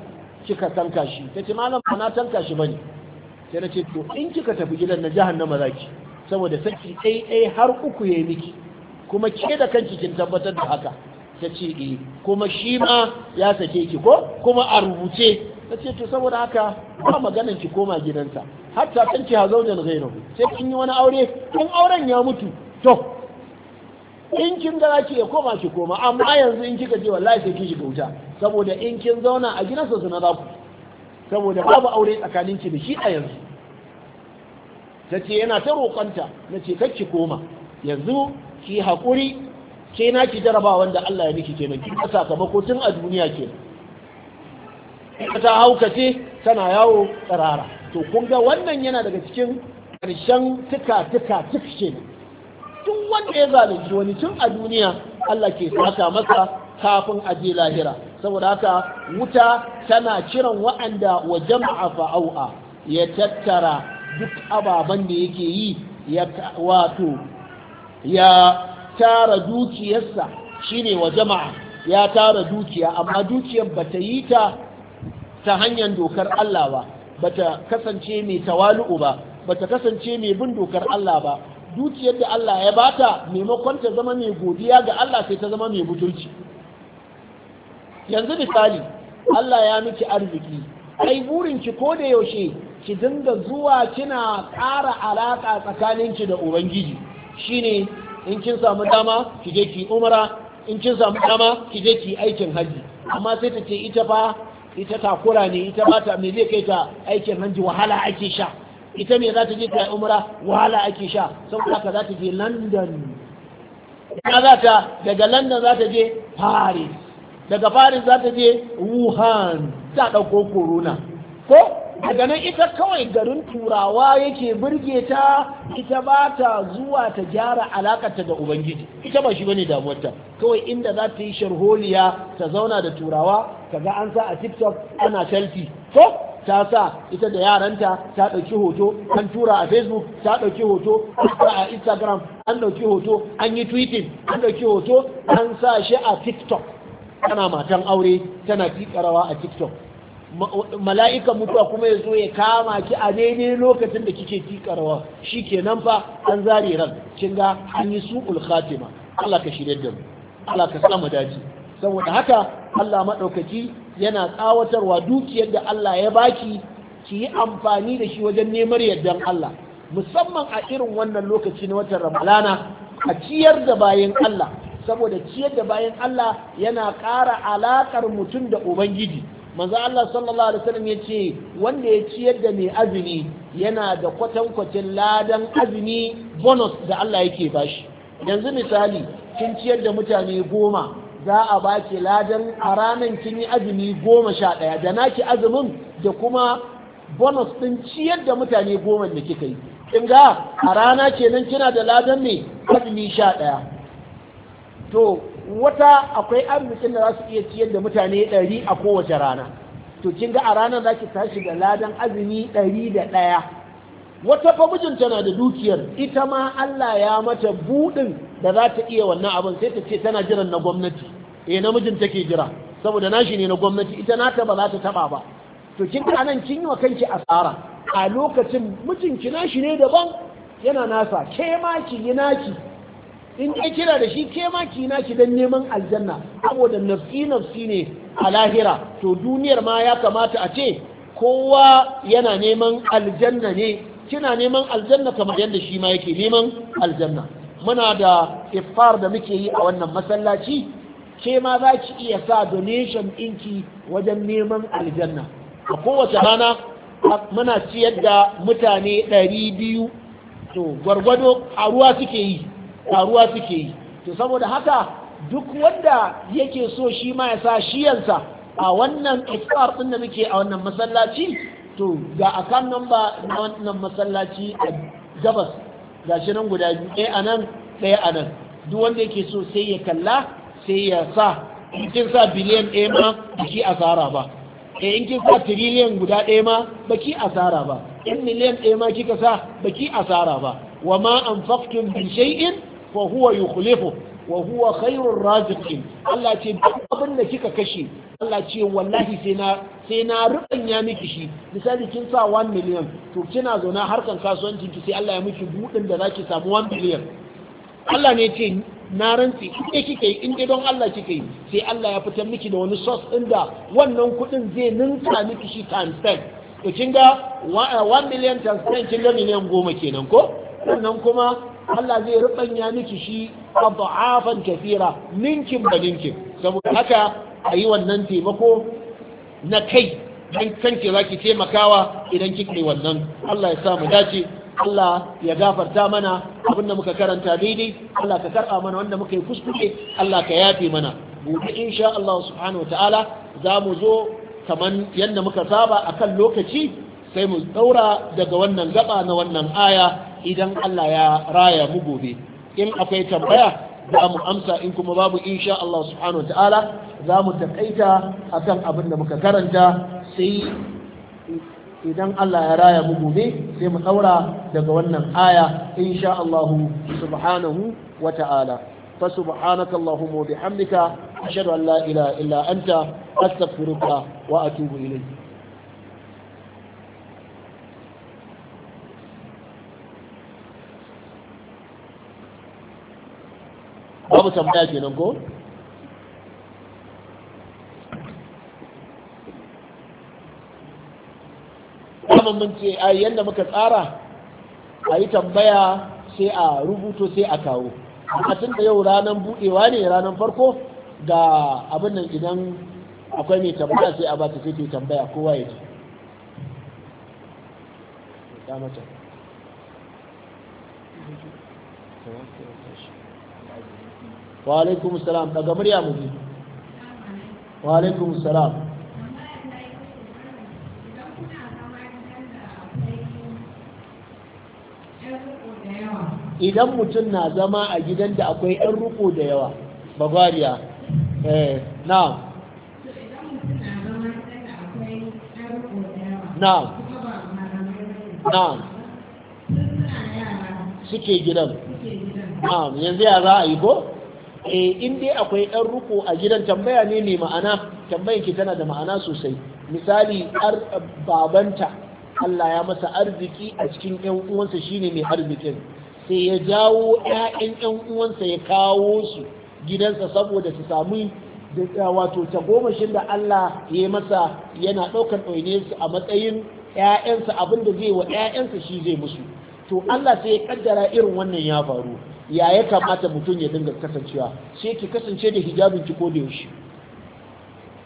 kika tanka shi ta ce malam ba na tanka shi bane sai na ce to in kika tafi gidan na jahannama zaki saboda saki ɗai har uku ya miki kuma ke da kanki kin tabbatar da haka ta ce eh kuma shi ma ya sake ki ko kuma a rubuce ta ce to saboda haka ba maganar ki koma gidansa hatta kan ki hazo da gairo sai kin yi wani aure in auren ya mutu to in kin ga ki ya koma ki koma amma yanzu in kika je wallahi sai kin shiga wuta saboda in kin zauna a gidansa su na za ku saboda babu aure tsakanin ki da shi a yanzu ta ce yana ta roƙonta na ce kakki koma yanzu ki haƙuri ke na ki jaraba wanda Allah ya miki kenan ki ka sakamako tun a duniya ke ta haukace tana yawo tsarara to kun ga wannan yana daga cikin ƙarshen tuka tuka tuk ce tun wanda ya zalunci wani tun a duniya Allah ke saka masa kafin aje lahira saboda haka wuta tana kiran wa'anda wa jama'a fa'au'a ya tattara duk ababen da yake yi ya wato ya tara dukiyarsa shi ne wa jama'a ya tara dukiya amma dukiyar ba ta yi ta ta hanyar dokar Allah ba ba ta kasance mai tawalu'u ba ba ta kasance mai bin dokar Allah ba dukiyar da Allah ya ba ta, maimakon ta zama mai godiya ga Allah sai ta zama mai butulci yanzu misali Allah ya miki arziki ai burinki ko da yaushe ki dinga zuwa kina ƙara alaƙa tsakaninki da ubangiji shine in kin samu dama ki je ki umara in kin samu dama ki je ki aikin haji amma sai ta ce ita fa ita takura ne ita ba ta me zai kai ta aikin hanji wahala ake sha ita me za ta je ta umara wahala ake sha saboda haka za ta je London ina za ta daga London za ta je Paris daga Paris za ta je Wuhan ta dauko corona ko daga nan ita kawai garin turawa yake birge ta ita ba ta zuwa ta gyara alakarta da ubangiji ita ba shi bane damuwarta kawai inda za ta yi sharholiya ta zauna da turawa ta ga an sa a tiktok ana selfie ko ta sa ita da yaranta ta ɗauki hoto an tura a facebook ta ɗauki hoto an tura a instagram an ɗauki hoto an yi tweeting an ɗauki hoto an sa shi a tiktok tana matan aure tana rawa a tiktok mala'ikan mutuwa kuma ya zo ya kama ki a daidai lokacin da kike tikarwa shi ke nan fa an zare ran kin ga an yi su'ul khatima Allah ka shirya da mu Allah ka sa mu saboda haka Allah maɗaukaki yana tsawatarwa dukiyar da Allah ya baki ki yi amfani da shi wajen neman yardan Allah musamman a irin wannan lokaci na watan Ramadana a ciyar da bayan Allah saboda ciyar da bayan Allah yana ƙara alaƙar mutum da Ubangiji manzo Allah sallallahu alaihi wasallam yace wanda ya ciyar da mai azumi yana da kwatankwacin ladan azumi bonus da Allah yake bashi yanzu misali kin ciyar da mutane goma za a baki ladan a ranar kin yi azumi goma sha ɗaya da naki azumin da kuma bonus ɗin ciyar da mutane goma da kika yi kin ga a rana kenan kina da ladan ne azumi sha ɗaya to wata akwai arzikin da za su iya ciyar da mutane ɗari a kowace rana to kin ga a ranar za ki tashi da ladan azumi ɗari da ɗaya wata fa mijinta na da dukiyar ita ma Allah ya mata buɗin da za ta iya wannan abin sai ta ce tana jiran na gwamnati eh namijin take jira saboda nashi ne na gwamnati ita nata ba za ta taɓa ba to kin ga nan kin yi wa kanki asara a lokacin mijinki nashi ne daban yana nasa ke ma ki yi naki in ya kira da shi ke ma kina ki dan neman aljanna saboda nafsi nafsi ne a lahira to duniyar ma ya kamata a ce kowa yana neman aljanna ne kina neman aljanna kamar yadda shi ma yake neman aljanna muna da ifar da muke yi a wannan masallaci ke ma za ki iya sa donation inki wajen neman aljanna a kowace rana muna ciyar da mutane ɗari biyu to gwargwado a ruwa suke yi karuwa suke yi to saboda haka duk wanda yake so shi ma ya sa shiyansa a wannan iftar ɗin da muke a wannan masallaci to ga akan number na wannan masallaci a gabas gashi nan guda biyu ɗaya a nan ɗaya a nan duk wanda yake so sai ya kalla sai ya sa in kin sa biliyan ɗaya ma baki asara ba e in kin sa tiriliyan guda ɗaya ma baki asara ba in miliyan ɗaya ma kika sa baki asara ba wa ma anfaqtum min shay'in fa huwa yukhlifu wa huwa khairur raziqin Allah ce duk abin da kika kashe Allah ce wallahi sai na sai na rubanya miki shi misali kin sa 1 million to kina zauna harkan kasuwancin ki sai Allah ya miki budin da zaki samu 1 million Allah ne ce na rantsi in kika yi in dai don Allah kike yi sai Allah ya fitar miki da wani source din da wannan kudin zai ninka miki shi times 10 to kin ga 1 uh, million times 10 kin ga miliyan 10 kenan ko sannan kuma Allah zai rubanya miki shi adhafan kathira ninkin ba ninkin saboda haka ayi wannan taimako na kai dan kanki zaki taimakawa idan kike wannan Allah ya sa mu dace Allah ya gafarta mana abin da muka karanta daidai Allah ka karɓa mana wanda muka yi kuskure Allah ka yafe mana gobe insha Allah subhanahu wa ta'ala za mu zo kaman yadda muka saba akan lokaci sai mu daura daga wannan gaba na wannan aya idan Allah ya raya mu gobe in akwai tambaya za mu amsa in kuma babu insha Allah subhanahu wa ta'ala za mu takaita akan abin da muka karanta sai idan Allah ya raya mu gobe sai mu daura daga wannan aya insha Allah subhanahu wa ta'ala فسبحانك اللهم وبحمدك أشهد أن لا إله إلا أنت أستغفرك وأتوب إليك babu tambaya kenan ko kamar mun ce a yadda muka tsara a yi tambaya sai a rubuto sai a kawo a tun da yau ranar budewa ne ranar farko ga abin nan idan akwai mai tambaya sai a bata sai ke tambaya kowa ya ya mata wa alaikum salam daga murya mu bi wa alaikum salam idan mutum na zama a gidan da akwai 'yan ruko da yawa bavaria eh na na na suke gidan na yanzu ya za a yi ko? eh in dai akwai ɗan ruku a gidan tambaya ne mai ma'ana tambayin ki tana da ma'ana sosai misali babanta Allah ya masa arziki a cikin ƴan uwansa shine mai arzikin sai ya jawo ƴaƴan ƴan uwansa ya kawo su gidansa saboda su samu wato tagomashin da Allah ya yi masa yana ɗaukar su a matsayin ‘ya'yansa abinda da zai wa ‘ya'yansa shi zai musu to Allah sai ya kaddara irin wannan ya faru ya ya kamata mutum ya dinga kasancewa sai ki kasance da hijabin ki ko da yaushe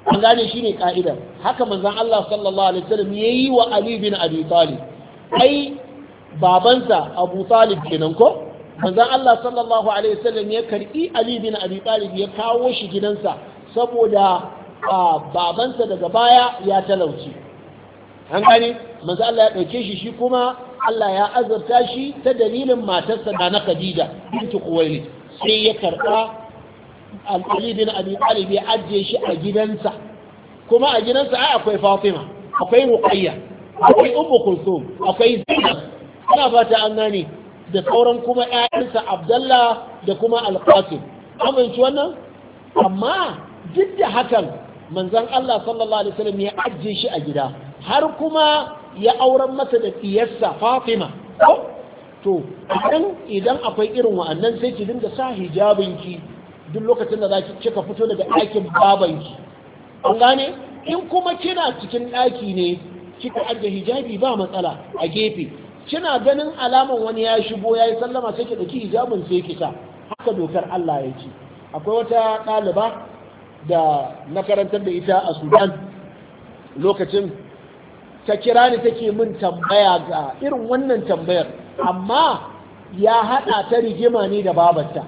an gane shi ne ka'idar haka manzon Allah sallallahu alaihi wasallam yayi wa Ali bin Abi Talib ai babansa Abu Talib kenan ko manzon Allah sallallahu alaihi wasallam ya karbi Ali bin Abi Talib ya kawo shi gidansa saboda babansa daga baya ya talauci an gane manzon Allah ya dauke shi shi kuma Allah ya azurta shi ta dalilin matarsa da na Khadija bintu Khuwailid sai ya karɓa Al-Ali bin Abi Talib ya ajiye shi a gidansa kuma a gidansa ai akwai Fatima akwai Ruqayya akwai Ummu Kulthum akwai Zainab ana fata an gane da sauran kuma ƴaƴansa Abdullah da kuma Al-Qasim amince wannan amma duk da hakan manzon Allah sallallahu alaihi wasallam ya ajiye shi a gida har kuma ya auren masa da diyarsa fatima to idan akwai irin wa'annan sai ki dinga sa hijabinki duk lokacin da za ki cika fito daga ɗakin babanki an gane in kuma kina cikin ɗaki ne kika ajiye hijabi ba matsala a gefe kina ganin alaman wani ya shigo ya yi sallama sai ki ɗauki hijabin sai ki sa haka dokar Allah ya ce akwai wata ɗaliba da nakarantar da ita a Sudan lokacin ta kira ni take min tambaya ga irin wannan tambayar amma ya haɗa ta rigima ne da babarta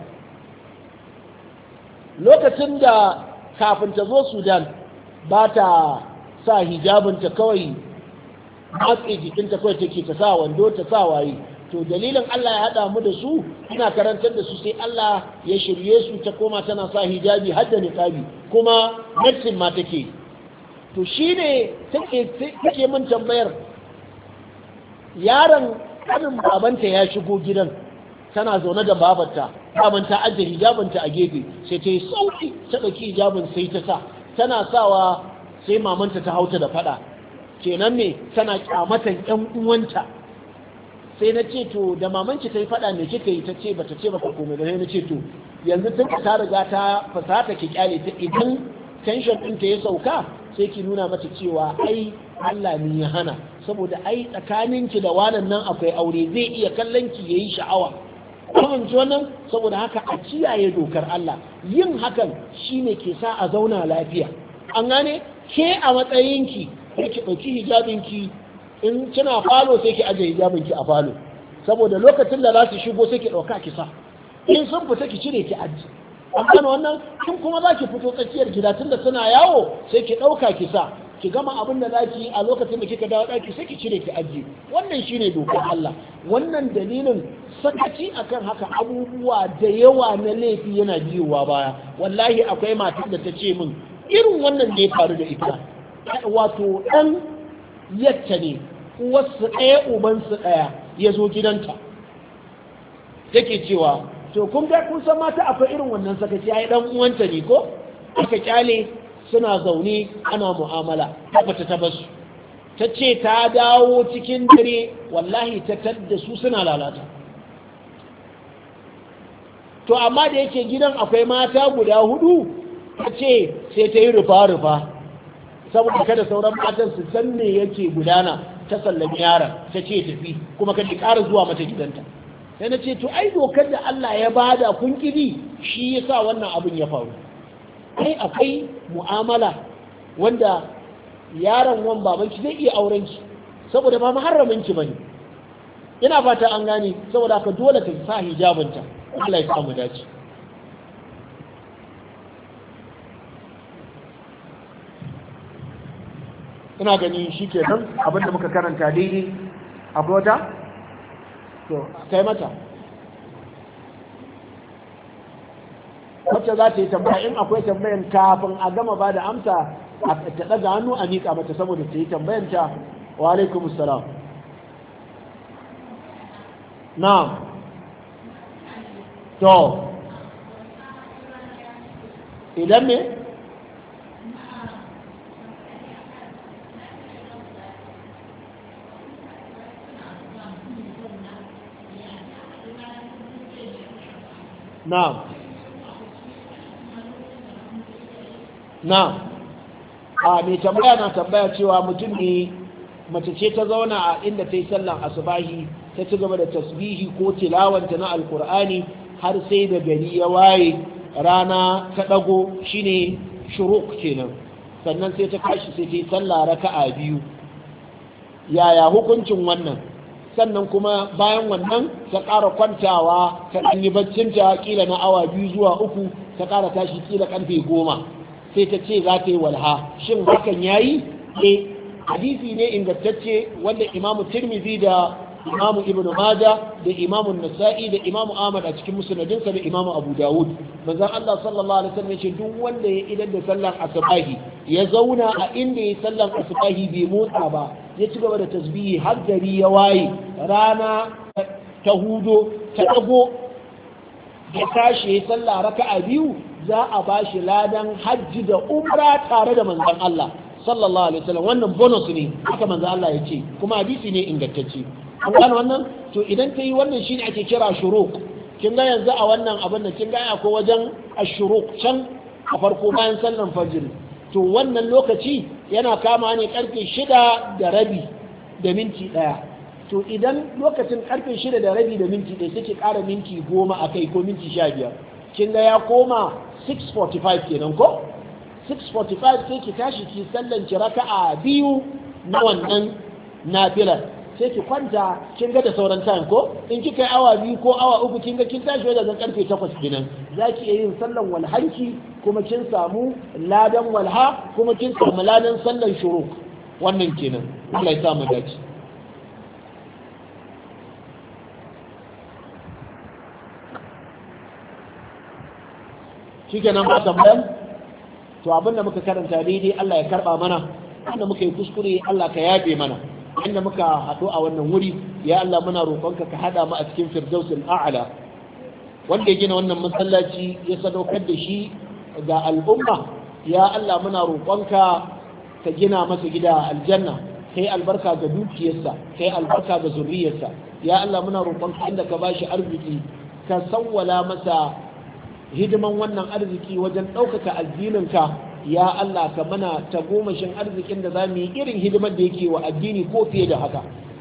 lokacin da kafin ta zo sudan ba ta sa hijabinta kawai matse jikinta kawai take ta sa wando ta sa waye to dalilin Allah ya haɗa mu da su ina karantar da su sai Allah ya shirye su ta koma tana sa hijabi hadda da niqabi kuma medicine ma take to shi ne take min tambayar yaron kanin babanta ya shigo gidan tana zaune da babanta babanta ta ajiye hijabinta a gefe sai ta yi sauki ta ɗauki hijabin sai ta sa tana sawa sai mamanta ta hauta da fada kenan ne tana kyamatan ƴan uwanta sai na ce to da mamanci ta yi fada ne kika yi ta ce ba ta ce ba ka komai da na ce to yanzu tun ta riga ta fasata ki kyale ta idan tension ɗinta ya sauka sai ki nuna mata cewa ai Allah ne ya hana saboda ai ki da wanan nan akwai aure zai iya kallon ki yayi sha'awa kun ji wannan saboda haka a kiyaye dokar Allah yin hakan shine ke sa a zauna lafiya an gane ke a matsayin ki ki hijabin ki, in kina falo sai ki aje ki a falo saboda lokacin da za su shigo sai ki ɗauka ki sa in sun fita ki cire ki aji an gano wannan kin kuma za ki fito tsakiyar gida tunda suna yawo sai ki ɗauka ki sa ki gama abin da za ki a lokacin da kika dawo ɗaki sai ki cire ki ajiye wannan shine dokar Allah wannan dalilin sakaci akan haka abubuwa da yawa na laifi yana biyowa baya wallahi akwai matar da ta ce min irin wannan da ya faru da ita wato ɗan yacce ne uwarsu ɗaya ubansu ɗaya ya zo gidanta take cewa to kun ga kun san mata akwai irin wannan sakaci ai dan uwanta ne ko aka kyale suna zaune ana mu'amala tabbata ta basu ta ce ta dawo cikin dare wallahi ta tadda su suna lalata to amma da yake gidan akwai mata guda hudu ta ce sai ta yi rufa-rufa saboda kada sauran matan su san me yake gudana ta sallami yaran ta ce tafi kuma kada ƙara zuwa mata gidanta sai na ce to ai dokar da Allah ya bada kun kidi shi yasa wannan abin ya faru ai akwai mu'amala wanda yaron wan ki zai iya auren ki saboda ba muharramin ki bane ina fata an gane saboda ka dole ta sa hijabinta Allah ya samu dace ina gani shi ke nan abinda muka karanta daidai a wata to kai mata wacce za ta yi tambaya in akwai tambayan kafin a gama ba da amsa a ta ɗaga hannu a miƙa mata saboda ta yi tambayan ta wa alaikum salam na to idan ne نعم نعم a mai tambaya na tambaya cewa mutum ne mace ce ta zauna a inda ta yi sallan asubahi ta ci gaba da tasbihi ko tilawanta na alkur'ani har sai da gari ya waye rana ta ɗago shine shuruk kenan sannan sai ta kashi sai ta yi sallah raka'a biyu yaya hukuncin wannan sannan kuma bayan wannan ta ƙara kwantawa ta ɗanyi baccinta ƙila na awa biyu zuwa uku ta ƙara tashi ƙila ƙarfe goma sai ta ce za ta yi walha shin hakan ya yi? eh hadisi ne ingantacce wanda imamu tirmizi da imamu ibn maja da imamu nasa'i da imamu ahmad a cikin musnadinsa da imamu abu dawud manzon Allah sallallahu alaihi wasallam ce, duk wanda ya idan da sallar asubahi ya zauna a inda ya sallar asubahi bai motsa ba ya ci gaba da tasbihi har gari ya waye rana ta hudo ta dago ya tashi ya sallah raka'a biyu za a bashi ladan hajji da umra tare da manzon Allah sallallahu alaihi wasallam wannan bonus ne haka manzo Allah ya ce kuma hadisi ne ingantacce an gane wannan to idan ta yi wannan shine ake kira shuruk kin ga yanzu a wannan abin da kin ga ko wajen ashuruk can a farko bayan sallar fajr to wannan lokaci yana kama ne karfe shida da rabi da minti ɗaya to idan lokacin karfe shida da rabi da minti ɗaya suke ƙara minti goma a kai ko minti sha biyar kin ga ya koma 6:45 kenan ko 6:45 sai ki tashi ki sallanci raka'a biyu na wannan nafilar sai ki kwanta kin ga da sauran time ko in kika yi awa biyu ko awa uku kin ga kin tashi wajen karfe takwas kenan za ki iya yin sallan walhanki kuma kin samu ladan walha kuma kin samu ladan sallan shuru wannan kenan Allah ya samu dace nan ba tambayan to abinda muka karanta daidai Allah ya karba mana wanda muka yi kuskure Allah ka yabe mana inda muka haɗu a wannan wuri ya Allah muna roƙonka ka haɗa mu a cikin firdausul a'la wanda ya gina wannan masallaci ya sadaukar da shi ga al'umma ya Allah muna roƙonka ka gina masa gida aljanna kai albarka ga dukiyarsa kai albarka ga zurriyarsa ya Allah muna roƙonka inda ka bashi arziki ka sawwala masa hidiman wannan arziki wajen ɗaukaka addininka ya Allah ka mana tagomashin arzikin da za mu yi irin hidimar da yake wa addini ko fiye da haka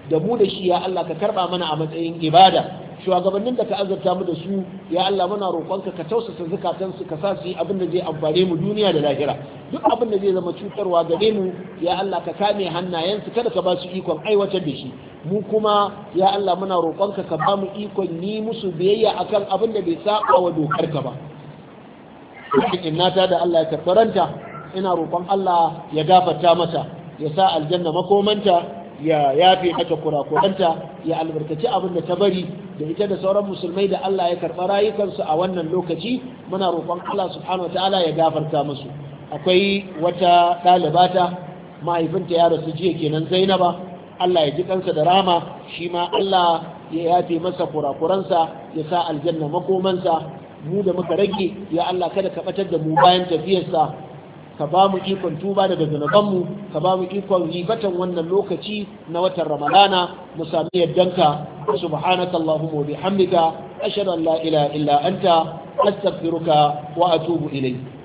da mu da shi ya Allah ka karba mana a matsayin ibada shugabannin da ka azurta mu da su ya Allah muna roƙonka ka tausasa zukatansu ka sa su yi abin da zai amfane mu duniya da lahira duk abin da zai zama cutarwa gare mu ya Allah ka kame hannayensu kada ka ba su ikon aiwatar da shi mu kuma ya Allah muna roƙonka ka ba mu ikon yi musu biyayya akan abin da bai saba wa dokar ka ba in nata da Allah ya karbaranta ina roƙon Allah ya gafarta mata ya sa aljanna makomanta ya yafe mata kurakuranta ya albarkaci abin da ta bari da ita da sauran musulmai da Allah ya karɓa rayukansu a wannan lokaci muna roƙon Allah subhanahu ta'ala ya gafarta musu akwai wata ɗalibata mahaifinta ya rasu jiya kenan Zainaba Allah ya ji kansa da rama shi ma Allah ya yafe masa kurakuransa ya sa aljanna makomansa mu da muka rage ya Allah kada ka batar da mu bayan tafiyarsa ka ba mu ikon tuba daga zunubanmu ka ba mu ikon ribatan wannan lokaci na watan ramadana mu sami yardanka subhanaka allahumma wa bihamdika ashhadu an la ilaha illa anta astaghfiruka wa atubu ilayk